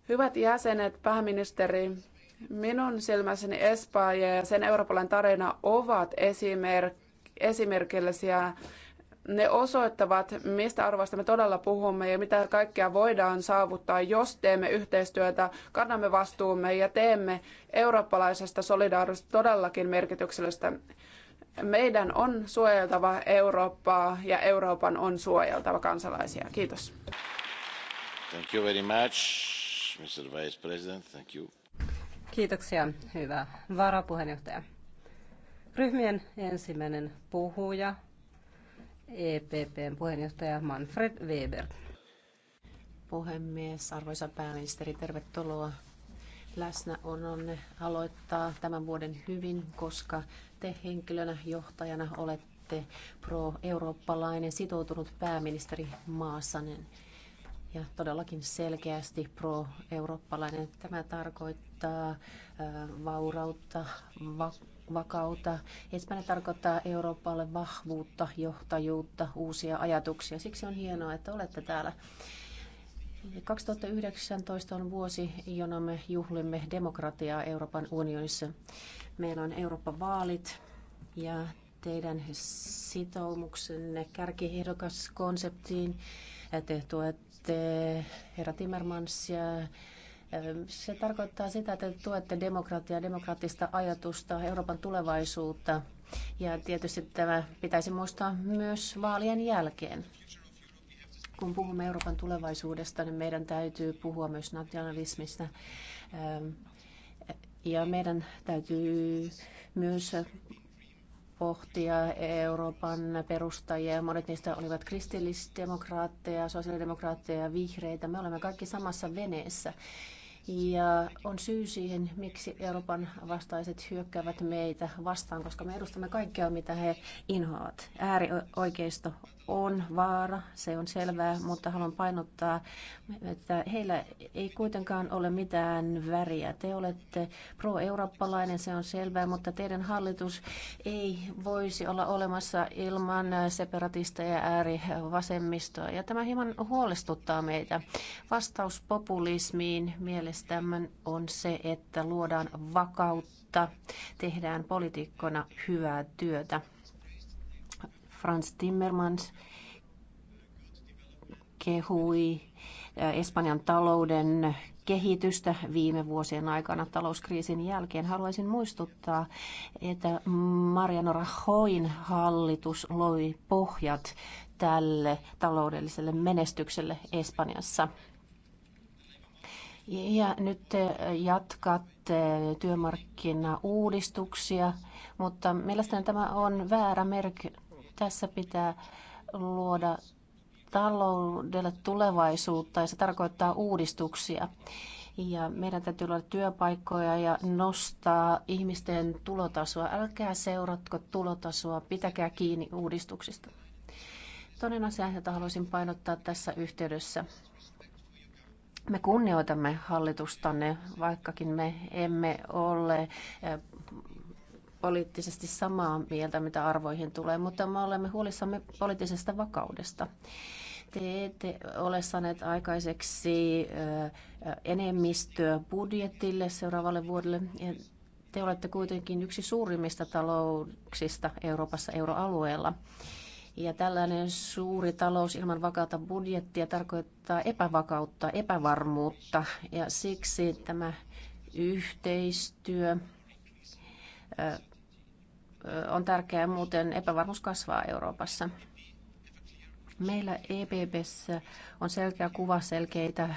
Hyvät jäsenet, pääministeri, minun silmässäni Espanja ja sen Euroopan tarina ovat esimerkki esimerkillisiä. Ne osoittavat, mistä arvoista me todella puhumme ja mitä kaikkea voidaan saavuttaa, jos teemme yhteistyötä, kannamme vastuumme ja teemme eurooppalaisesta solidaarisuudesta todellakin merkityksellistä. Meidän on suojeltava Eurooppaa ja Euroopan on suojeltava kansalaisia. Kiitos. Thank you very much, Mr. Vice President. Thank you. Kiitoksia, hyvä varapuheenjohtaja. Ryhmien ensimmäinen puhuja, EPPn puheenjohtaja Manfred Weber. Puhemies, arvoisa pääministeri, tervetuloa Läsnä on onne, aloittaa tämän vuoden hyvin, koska te henkilönä, johtajana olette pro-eurooppalainen sitoutunut pääministeri Maasanen ja todellakin selkeästi pro-eurooppalainen. Tämä tarkoittaa vaurautta, vakautta. Espanja tarkoittaa Euroopalle vahvuutta, johtajuutta, uusia ajatuksia. Siksi on hienoa, että olette täällä. 2019 on vuosi, jona me juhlimme demokratiaa Euroopan unionissa. Meillä on Euroopan vaalit ja teidän sitoumuksenne kärkiehdokaskonseptiin. Te tuette herra Timmermansia, se tarkoittaa sitä, että tuette demokratiaa, demokraattista ajatusta, Euroopan tulevaisuutta ja tietysti tämä pitäisi muistaa myös vaalien jälkeen. Kun puhumme Euroopan tulevaisuudesta, niin meidän täytyy puhua myös nationalismista. Ähm, ja meidän täytyy myös pohtia Euroopan perustajia. Monet niistä olivat kristillisdemokraatteja, sosiaalidemokraatteja ja vihreitä. Me olemme kaikki samassa veneessä. Ja on syy siihen, miksi Euroopan vastaiset hyökkäävät meitä vastaan, koska me edustamme kaikkea, mitä he inhoavat. Äärioikeisto, on vaara, se on selvää, mutta haluan painottaa, että heillä ei kuitenkaan ole mitään väriä. Te olette pro-eurooppalainen, se on selvää, mutta teidän hallitus ei voisi olla olemassa ilman separatista ja äärivasemmistoa. Ja tämä hieman huolestuttaa meitä. Vastaus populismiin mielestämme on se, että luodaan vakautta, tehdään politiikkona hyvää työtä. Franz Timmermans kehui äh, Espanjan talouden kehitystä viime vuosien aikana talouskriisin jälkeen. Haluaisin muistuttaa, että Mariano Rajoin hallitus loi pohjat tälle taloudelliselle menestykselle Espanjassa. Ja nyt te jatkatte työmarkkinauudistuksia, mutta mielestäni tämä on väärä merk- tässä pitää luoda taloudelle tulevaisuutta ja se tarkoittaa uudistuksia. Ja meidän täytyy luoda työpaikkoja ja nostaa ihmisten tulotasoa. Älkää seuratko tulotasoa, pitäkää kiinni uudistuksista. Toinen asia, jota haluaisin painottaa tässä yhteydessä. Me kunnioitamme hallitustanne, vaikkakin me emme ole poliittisesti samaa mieltä, mitä arvoihin tulee, mutta me olemme huolissamme poliittisesta vakaudesta. Te ette ole saaneet aikaiseksi enemmistöä budjetille seuraavalle vuodelle. Te olette kuitenkin yksi suurimmista talouksista Euroopassa euroalueella. Ja tällainen suuri talous ilman vakaata budjettia tarkoittaa epävakautta, epävarmuutta. Ja siksi tämä yhteistyö on tärkeää, muuten epävarmuus kasvaa Euroopassa. Meillä EPBssä on selkeä kuva, selkeitä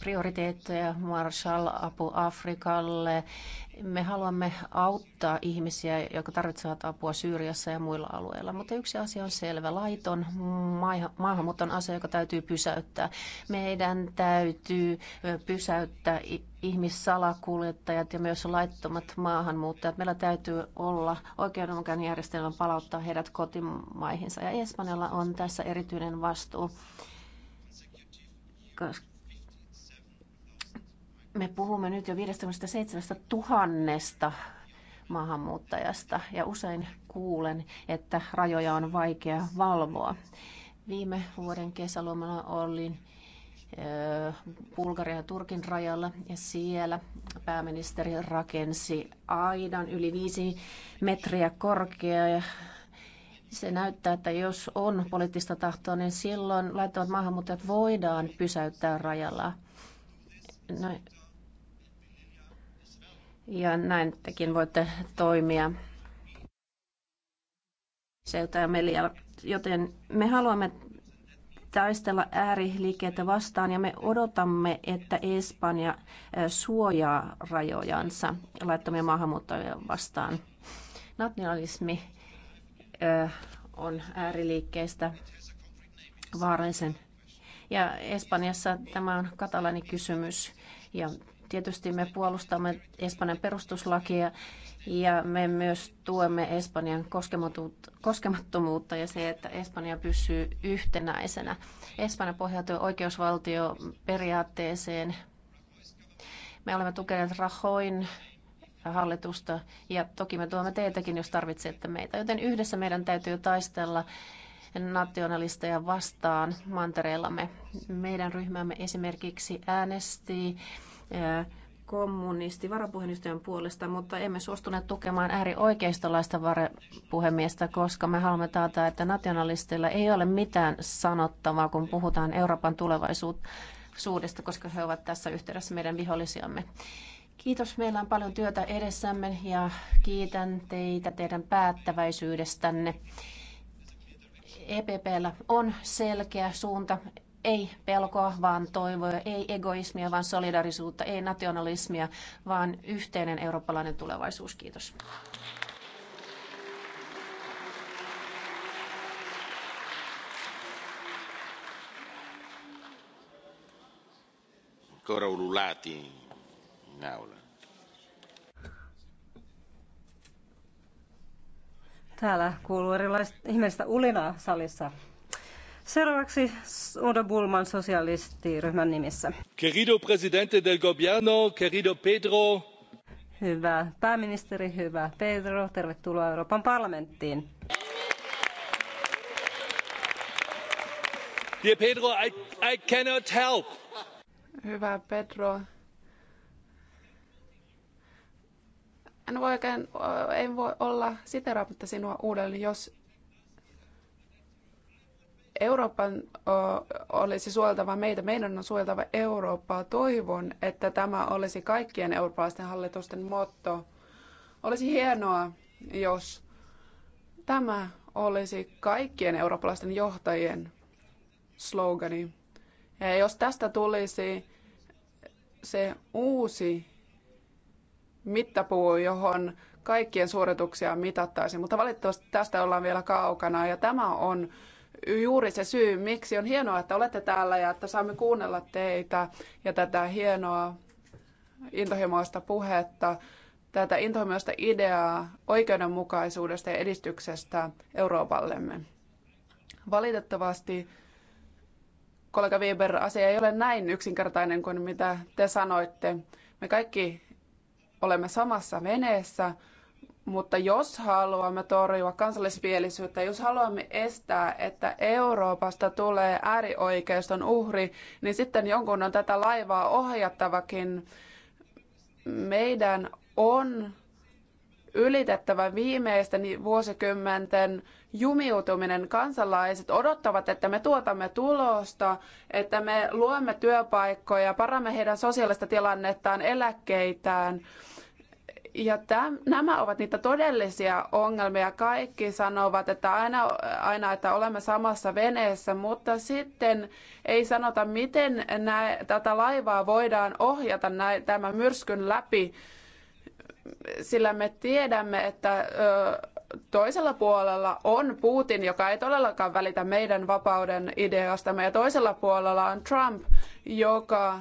prioriteetteja Marshall-apu Afrikalle. Me haluamme auttaa ihmisiä, jotka tarvitsevat apua Syyriassa ja muilla alueilla. Mutta yksi asia on selvä. Laiton maahanmuuton asia, joka täytyy pysäyttää. Meidän täytyy pysäyttää ihmissalakuljettajat ja myös laittomat maahanmuuttajat. Meillä täytyy olla oikeudenmukainen järjestelmä palauttaa heidät kotimaihinsa. Ja Espanjalla on tässä erityinen vastuu. Me puhumme nyt jo 57 000 maahanmuuttajasta ja usein kuulen, että rajoja on vaikea valvoa. Viime vuoden kesälomalla olin Bulgarian ja Turkin rajalla ja siellä pääministeri rakensi aidan yli viisi metriä korkea ja se näyttää, että jos on poliittista tahtoa, niin silloin laittavat maahanmuuttajat voidaan pysäyttää rajalla. No, ja näin tekin voitte toimia. Seuta ja Melia. Joten me haluamme taistella ääriliikkeitä vastaan ja me odotamme, että Espanja suojaa rajojansa laittomia maahanmuuttajia vastaan. Nationalismi on ääriliikkeistä vaarallisen. Ja Espanjassa tämä on kysymys ja Tietysti me puolustamme Espanjan perustuslakia ja me myös tuemme Espanjan koskemattomuutta ja se, että Espanja pysyy yhtenäisenä. Espanja pohjautuu oikeusvaltioperiaatteeseen. Me olemme tukeneet rahoin hallitusta ja toki me tuomme teitäkin, jos tarvitsette meitä. Joten yhdessä meidän täytyy taistella nationalisteja vastaan mantereellamme. Meidän ryhmämme esimerkiksi äänesti kommunisti varapuheenjohtajan puolesta, mutta emme suostuneet tukemaan äärioikeistolaista varapuhemiestä, koska me haluamme taata, että nationalisteilla ei ole mitään sanottavaa, kun puhutaan Euroopan tulevaisuudesta, koska he ovat tässä yhteydessä meidän vihollisiamme. Kiitos, meillä on paljon työtä edessämme ja kiitän teitä teidän päättäväisyydestänne. EPPllä on selkeä suunta, ei pelkoa, vaan toivoa, ei egoismia, vaan solidarisuutta, ei nationalismia, vaan yhteinen eurooppalainen tulevaisuus. Kiitos. ancora ululati in aula. Täällä kuuluu erilaista ihmeistä ulinaa salissa. Seuraavaksi Udo Bulman sosialistiryhmän nimissä. Querido presidente del gobierno, querido Pedro. Hyvä pääministeri, hyvä Pedro, tervetuloa Euroopan parlamenttiin. Dear Pedro, I, I cannot help. Hyvä Pedro, en voi oikein, en voi olla siteraamatta sinua uudelleen, jos Euroopan olisi suojeltava meitä, meidän on suojeltava Eurooppaa. Toivon, että tämä olisi kaikkien eurooppalaisten hallitusten motto. Olisi hienoa, jos tämä olisi kaikkien eurooppalaisten johtajien slogani. Ja jos tästä tulisi se uusi mittapuu, johon kaikkien suorituksia mitattaisiin, mutta valitettavasti tästä ollaan vielä kaukana ja tämä on juuri se syy, miksi on hienoa, että olette täällä ja että saamme kuunnella teitä ja tätä hienoa intohimoista puhetta, tätä intohimoista ideaa oikeudenmukaisuudesta ja edistyksestä Euroopallemme. Valitettavasti kollega Weber, asia ei ole näin yksinkertainen kuin mitä te sanoitte. Me kaikki olemme samassa veneessä, mutta jos haluamme torjua kansallismielisyyttä, jos haluamme estää, että Euroopasta tulee äärioikeiston uhri, niin sitten jonkun on tätä laivaa ohjattavakin. Meidän on ylitettävä viimeisten vuosikymmenten jumiutuminen. Kansalaiset odottavat, että me tuotamme tulosta, että me luomme työpaikkoja, paramme heidän sosiaalista tilannettaan, eläkkeitään. Ja täm, nämä ovat niitä todellisia ongelmia. Kaikki sanovat, että aina, aina että olemme samassa veneessä, mutta sitten ei sanota, miten nä, tätä laivaa voidaan ohjata nä, tämän myrskyn läpi, sillä me tiedämme, että ö, toisella puolella on Putin, joka ei todellakaan välitä meidän vapauden ideastamme, ja toisella puolella on Trump, joka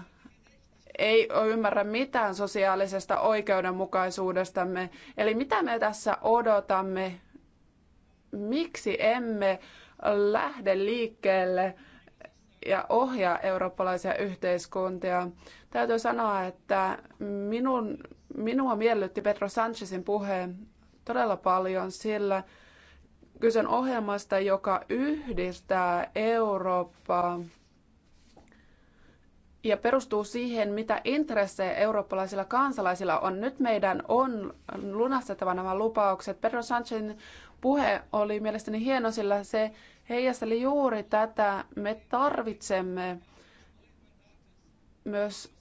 ei ymmärrä mitään sosiaalisesta oikeudenmukaisuudestamme. Eli mitä me tässä odotamme? Miksi emme lähde liikkeelle ja ohjaa eurooppalaisia yhteiskuntia? Täytyy sanoa, että minun, minua miellytti Pedro Sanchezin puhe todella paljon, sillä kyse on ohjelmasta, joka yhdistää Eurooppaa ja perustuu siihen, mitä intressejä eurooppalaisilla kansalaisilla on. Nyt meidän on lunastettava nämä lupaukset. Pedro Sanchezin puhe oli mielestäni hieno, sillä se heijasteli juuri tätä. Me tarvitsemme myös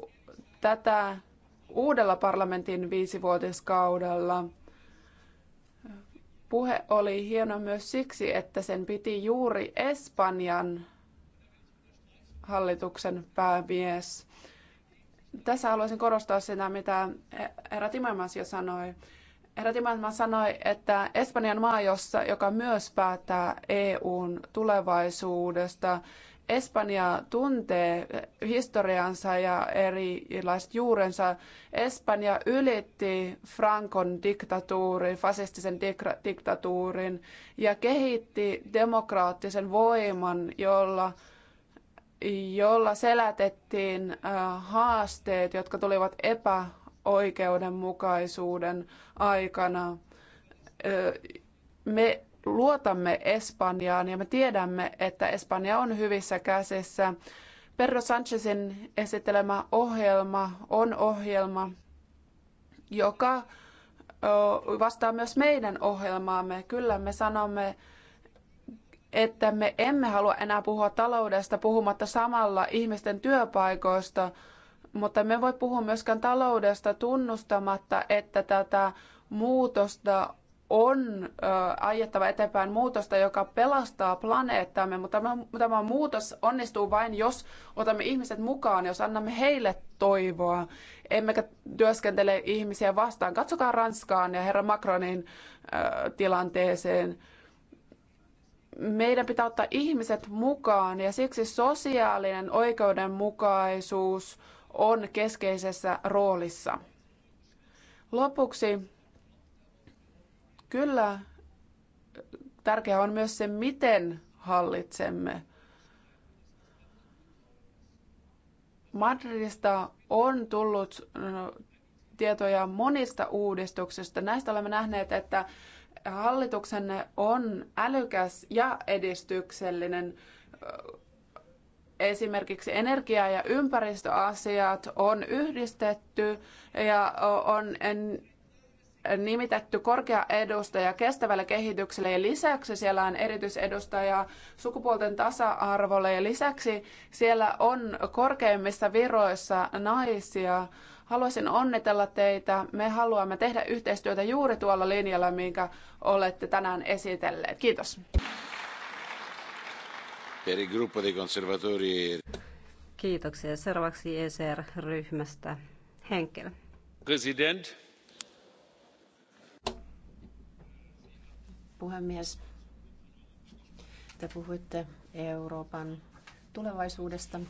tätä uudella parlamentin viisivuotiskaudella. Puhe oli hieno myös siksi, että sen piti juuri Espanjan hallituksen päämies. Tässä haluaisin korostaa sitä, mitä herra Timmermans jo sanoi. Herra Timmermans sanoi, että Espanjan maa, jossa, joka myös päättää EUn tulevaisuudesta, Espanja tuntee historiansa ja erilaiset juurensa. Espanja ylitti Frankon diktatuurin, fasistisen diktatuurin ja kehitti demokraattisen voiman, jolla jolla selätettiin äh, haasteet, jotka tulivat epäoikeudenmukaisuuden aikana. Äh, me luotamme Espanjaan ja me tiedämme, että Espanja on hyvissä käsissä. Pedro Sanchezin esittelemä ohjelma on ohjelma, joka vastaa myös meidän ohjelmaamme. Kyllä me sanomme, että me emme halua enää puhua taloudesta puhumatta samalla ihmisten työpaikoista, mutta me voi puhua myöskään taloudesta tunnustamatta, että tätä muutosta on ajettava eteenpäin muutosta, joka pelastaa planeettamme, mutta tämä, tämä muutos onnistuu vain, jos otamme ihmiset mukaan, jos annamme heille toivoa, emmekä työskentele ihmisiä vastaan. Katsokaa Ranskaan ja herra Macronin ö, tilanteeseen. Meidän pitää ottaa ihmiset mukaan ja siksi sosiaalinen oikeudenmukaisuus on keskeisessä roolissa. Lopuksi kyllä tärkeää on myös se, miten hallitsemme. Madridista on tullut no, tietoja monista uudistuksista. Näistä olemme nähneet, että hallituksenne on älykäs ja edistyksellinen. Esimerkiksi energia- ja ympäristöasiat on yhdistetty ja on nimitetty korkea edustaja kestävälle kehitykselle ja lisäksi siellä on erityisedustaja sukupuolten tasa-arvolle ja lisäksi siellä on korkeimmissa viroissa naisia. Haluaisin onnitella teitä. Me haluamme tehdä yhteistyötä juuri tuolla linjalla, minkä olette tänään esitelleet. Kiitos. Kiitoksia. Seuraavaksi ECR-ryhmästä Henkel. President. puhemies. Te puhuitte Euroopan tulevaisuudesta.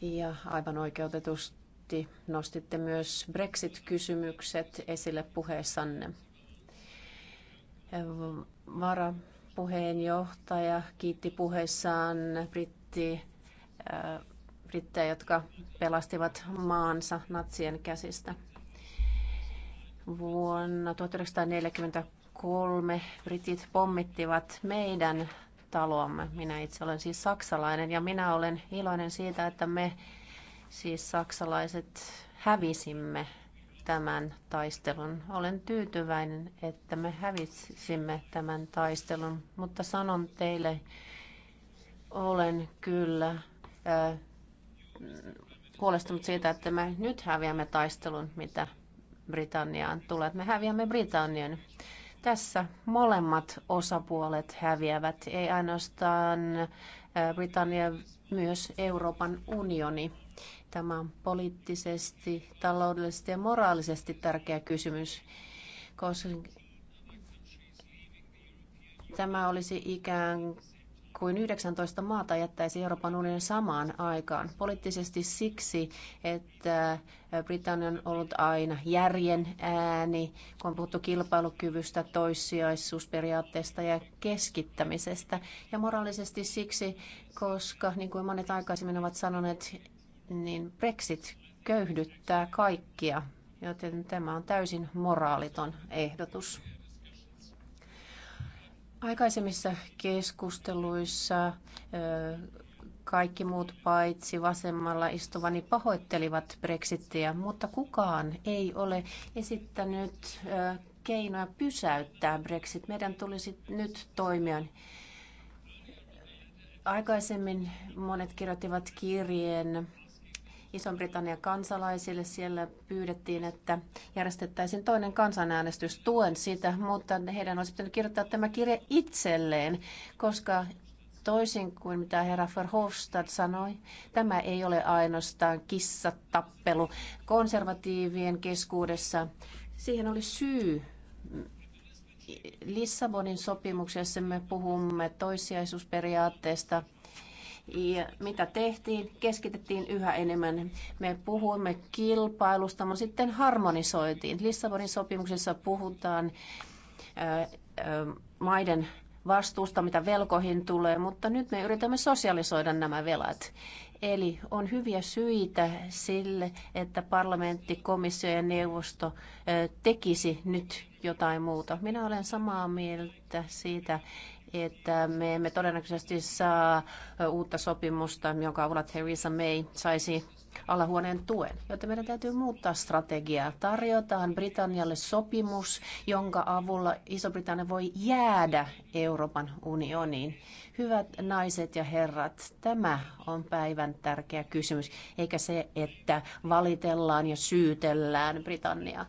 Ja aivan oikeutetusti nostitte myös Brexit-kysymykset esille puheessanne. Varapuheenjohtaja kiitti puheessaan britti, äh, brittejä, jotka pelastivat maansa natsien käsistä. Vuonna 1943 britit pommittivat meidän taloamme. Minä itse olen siis saksalainen ja minä olen iloinen siitä, että me siis saksalaiset hävisimme tämän taistelun. Olen tyytyväinen, että me hävisimme tämän taistelun, mutta sanon teille, olen kyllä äh, huolestunut siitä, että me nyt häviämme taistelun, mitä Britanniaan että Me häviämme Britannian. Tässä molemmat osapuolet häviävät, ei ainoastaan Britannia, myös Euroopan unioni. Tämä on poliittisesti, taloudellisesti ja moraalisesti tärkeä kysymys, koska tämä olisi ikään kuin 19 maata jättäisi Euroopan unionin samaan aikaan. Poliittisesti siksi, että Britannia on ollut aina järjen ääni, kun on puhuttu kilpailukyvystä, toissijaisuusperiaatteesta ja keskittämisestä. Ja moraalisesti siksi, koska niin kuin monet aikaisemmin ovat sanoneet, niin Brexit köyhdyttää kaikkia, joten tämä on täysin moraaliton ehdotus. Aikaisemmissa keskusteluissa kaikki muut paitsi vasemmalla istuvani pahoittelivat Brexittiä, mutta kukaan ei ole esittänyt keinoja pysäyttää Brexit. Meidän tulisi nyt toimia. Aikaisemmin monet kirjoittivat kirjeen Ison-Britannian kansalaisille. Siellä pyydettiin, että järjestettäisiin toinen kansanäänestys. Tuen sitä, mutta heidän olisi pitänyt kirjoittaa tämä kirje itselleen, koska toisin kuin mitä herra Verhofstadt sanoi, tämä ei ole ainoastaan kissatappelu. Konservatiivien keskuudessa siihen oli syy. Lissabonin sopimuksessa me puhumme toissijaisuusperiaatteesta – ja mitä tehtiin? Keskitettiin yhä enemmän. Me puhuimme kilpailusta, mutta sitten harmonisoitiin. Lissabonin sopimuksessa puhutaan ää, ää, maiden vastuusta, mitä velkoihin tulee, mutta nyt me yritämme sosialisoida nämä velat. Eli on hyviä syitä sille, että parlamentti, komissio ja neuvosto tekisi nyt jotain muuta. Minä olen samaa mieltä siitä, että me emme todennäköisesti saa uutta sopimusta, jonka avulla Theresa May saisi alahuoneen tuen. Joten meidän täytyy muuttaa strategiaa. Tarjotaan Britannialle sopimus, jonka avulla Iso-Britannia voi jäädä Euroopan unioniin. Hyvät naiset ja herrat, tämä on päivän tärkeä kysymys, eikä se, että valitellaan ja syytellään Britanniaa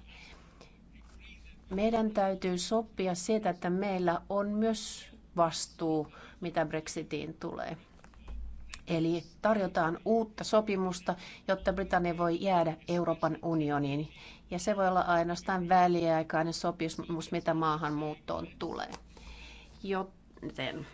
meidän täytyy sopia siitä, että meillä on myös vastuu, mitä Brexitiin tulee. Eli tarjotaan uutta sopimusta, jotta Britannia voi jäädä Euroopan unioniin. Ja se voi olla ainoastaan väliaikainen sopimus, mitä maahanmuuttoon tulee. Joten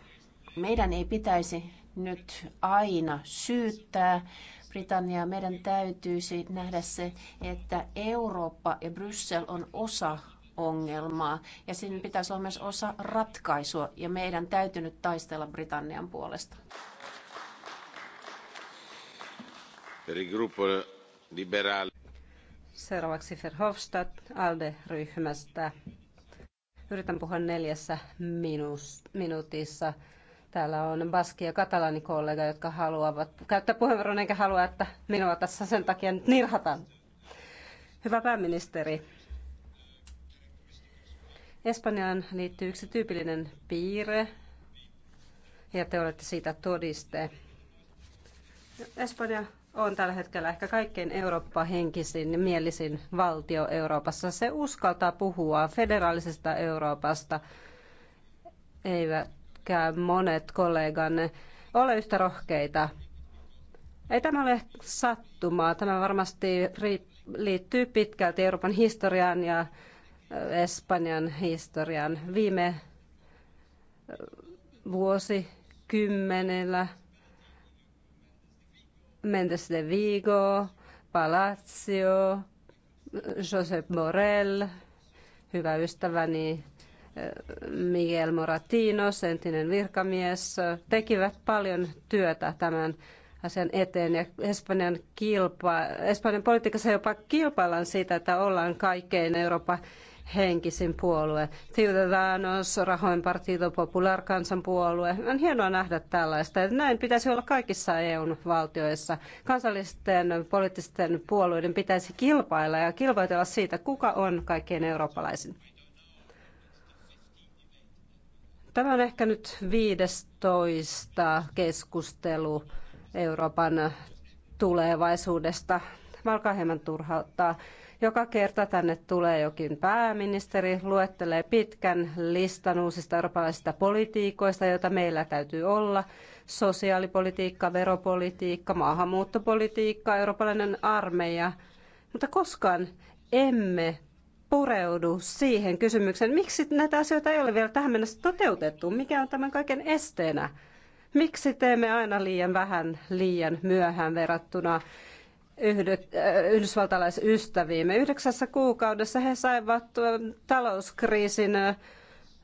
meidän ei pitäisi nyt aina syyttää Britanniaa. Meidän täytyisi nähdä se, että Eurooppa ja Bryssel on osa ongelmaa ja sen pitäisi olla myös osa ratkaisua ja meidän täytyy nyt taistella Britannian puolesta. Seuraavaksi Verhofstadt ALDE-ryhmästä. Yritän puhua neljässä minus, minuutissa. Täällä on baski- ja katalanikollega, jotka haluavat käyttää puheenvuoron, enkä halua, että minua tässä sen takia nyt nirhataan. Hyvä pääministeri, Espanjaan liittyy yksi tyypillinen piirre, ja te olette siitä todiste. Espanja on tällä hetkellä ehkä kaikkein Eurooppa-henkisin ja mielisin valtio Euroopassa. Se uskaltaa puhua federaalisesta Euroopasta, eivätkä monet kolleganne ole yhtä rohkeita. Ei tämä ole sattumaa. Tämä varmasti liittyy pitkälti Euroopan historiaan ja Espanjan historian. Viime äh, kymmenellä Mendes de Vigo, Palacio, Josep Morel, hyvä ystäväni äh, Miguel Moratino, entinen virkamies, tekivät paljon työtä tämän asian eteen. Ja Espanjan, kilpa, Espanjan politiikassa jopa kilpaillaan siitä, että ollaan kaikkein Euroopan henkisin puolue. Ciudadanos, rahoin Partido Popular kansanpuolue. On hienoa nähdä tällaista. Näin pitäisi olla kaikissa eu valtioissa. Kansallisten poliittisten puolueiden pitäisi kilpailla ja kilvoitella siitä, kuka on kaikkein eurooppalaisin. Tämä on ehkä nyt 15 keskustelu Euroopan tulevaisuudesta. Valkaa hieman turhauttaa. Joka kerta tänne tulee jokin pääministeri, luettelee pitkän listan uusista eurooppalaisista politiikoista, joita meillä täytyy olla. Sosiaalipolitiikka, veropolitiikka, maahanmuuttopolitiikka, eurooppalainen armeija. Mutta koskaan emme pureudu siihen kysymykseen, miksi näitä asioita ei ole vielä tähän mennessä toteutettu, mikä on tämän kaiken esteenä. Miksi teemme aina liian vähän liian myöhään verrattuna Äh, yhdysvaltalaisystäviimme. Yhdeksässä kuukaudessa he saivat äh, talouskriisin äh,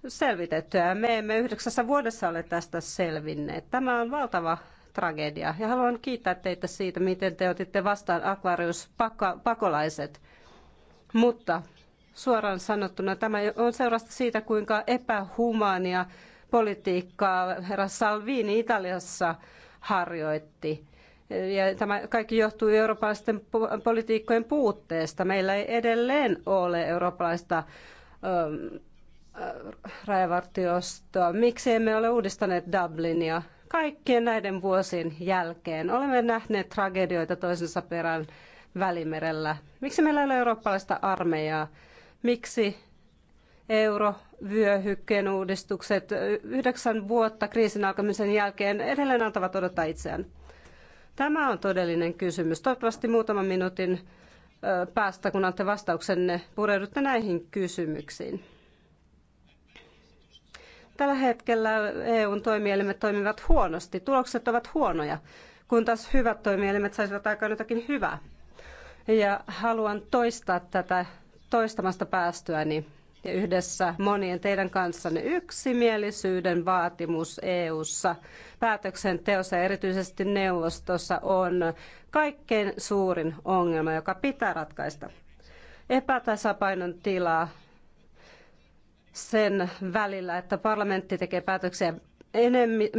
selvitettyä. Me emme yhdeksässä vuodessa ole tästä selvinneet. Tämä on valtava tragedia. Ja haluan kiittää teitä siitä, miten te otitte vastaan Aquarius-pakolaiset. Mutta suoraan sanottuna tämä on seurasta siitä, kuinka epähumania politiikkaa herra Salvini Italiassa harjoitti. Ja tämä kaikki johtuu eurooppalaisten politiikkojen puutteesta. Meillä ei edelleen ole eurooppalaista ähm, äh, rajavartiostoa. Miksi emme ole uudistaneet Dublinia? Kaikkien näiden vuosien jälkeen olemme nähneet tragedioita toisensa perään Välimerellä. Miksi meillä ei ole eurooppalaista armeijaa? Miksi eurovyöhykkeen uudistukset yhdeksän vuotta kriisin alkamisen jälkeen edelleen antavat odottaa itseään? Tämä on todellinen kysymys. Toivottavasti muutaman minuutin päästä, kun annatte vastauksenne, pureudutte näihin kysymyksiin. Tällä hetkellä EUn toimielimet toimivat huonosti. Tulokset ovat huonoja, kun taas hyvät toimielimet saisivat aikaan jotakin hyvää. Ja haluan toistaa tätä toistamasta päästyäni. Niin ja yhdessä monien teidän kanssanne yksimielisyyden vaatimus EU:ssa päätöksenteossa ja erityisesti neuvostossa on kaikkein suurin ongelma, joka pitää ratkaista. Epätasapainon tilaa sen välillä, että parlamentti tekee päätöksiä enemmi,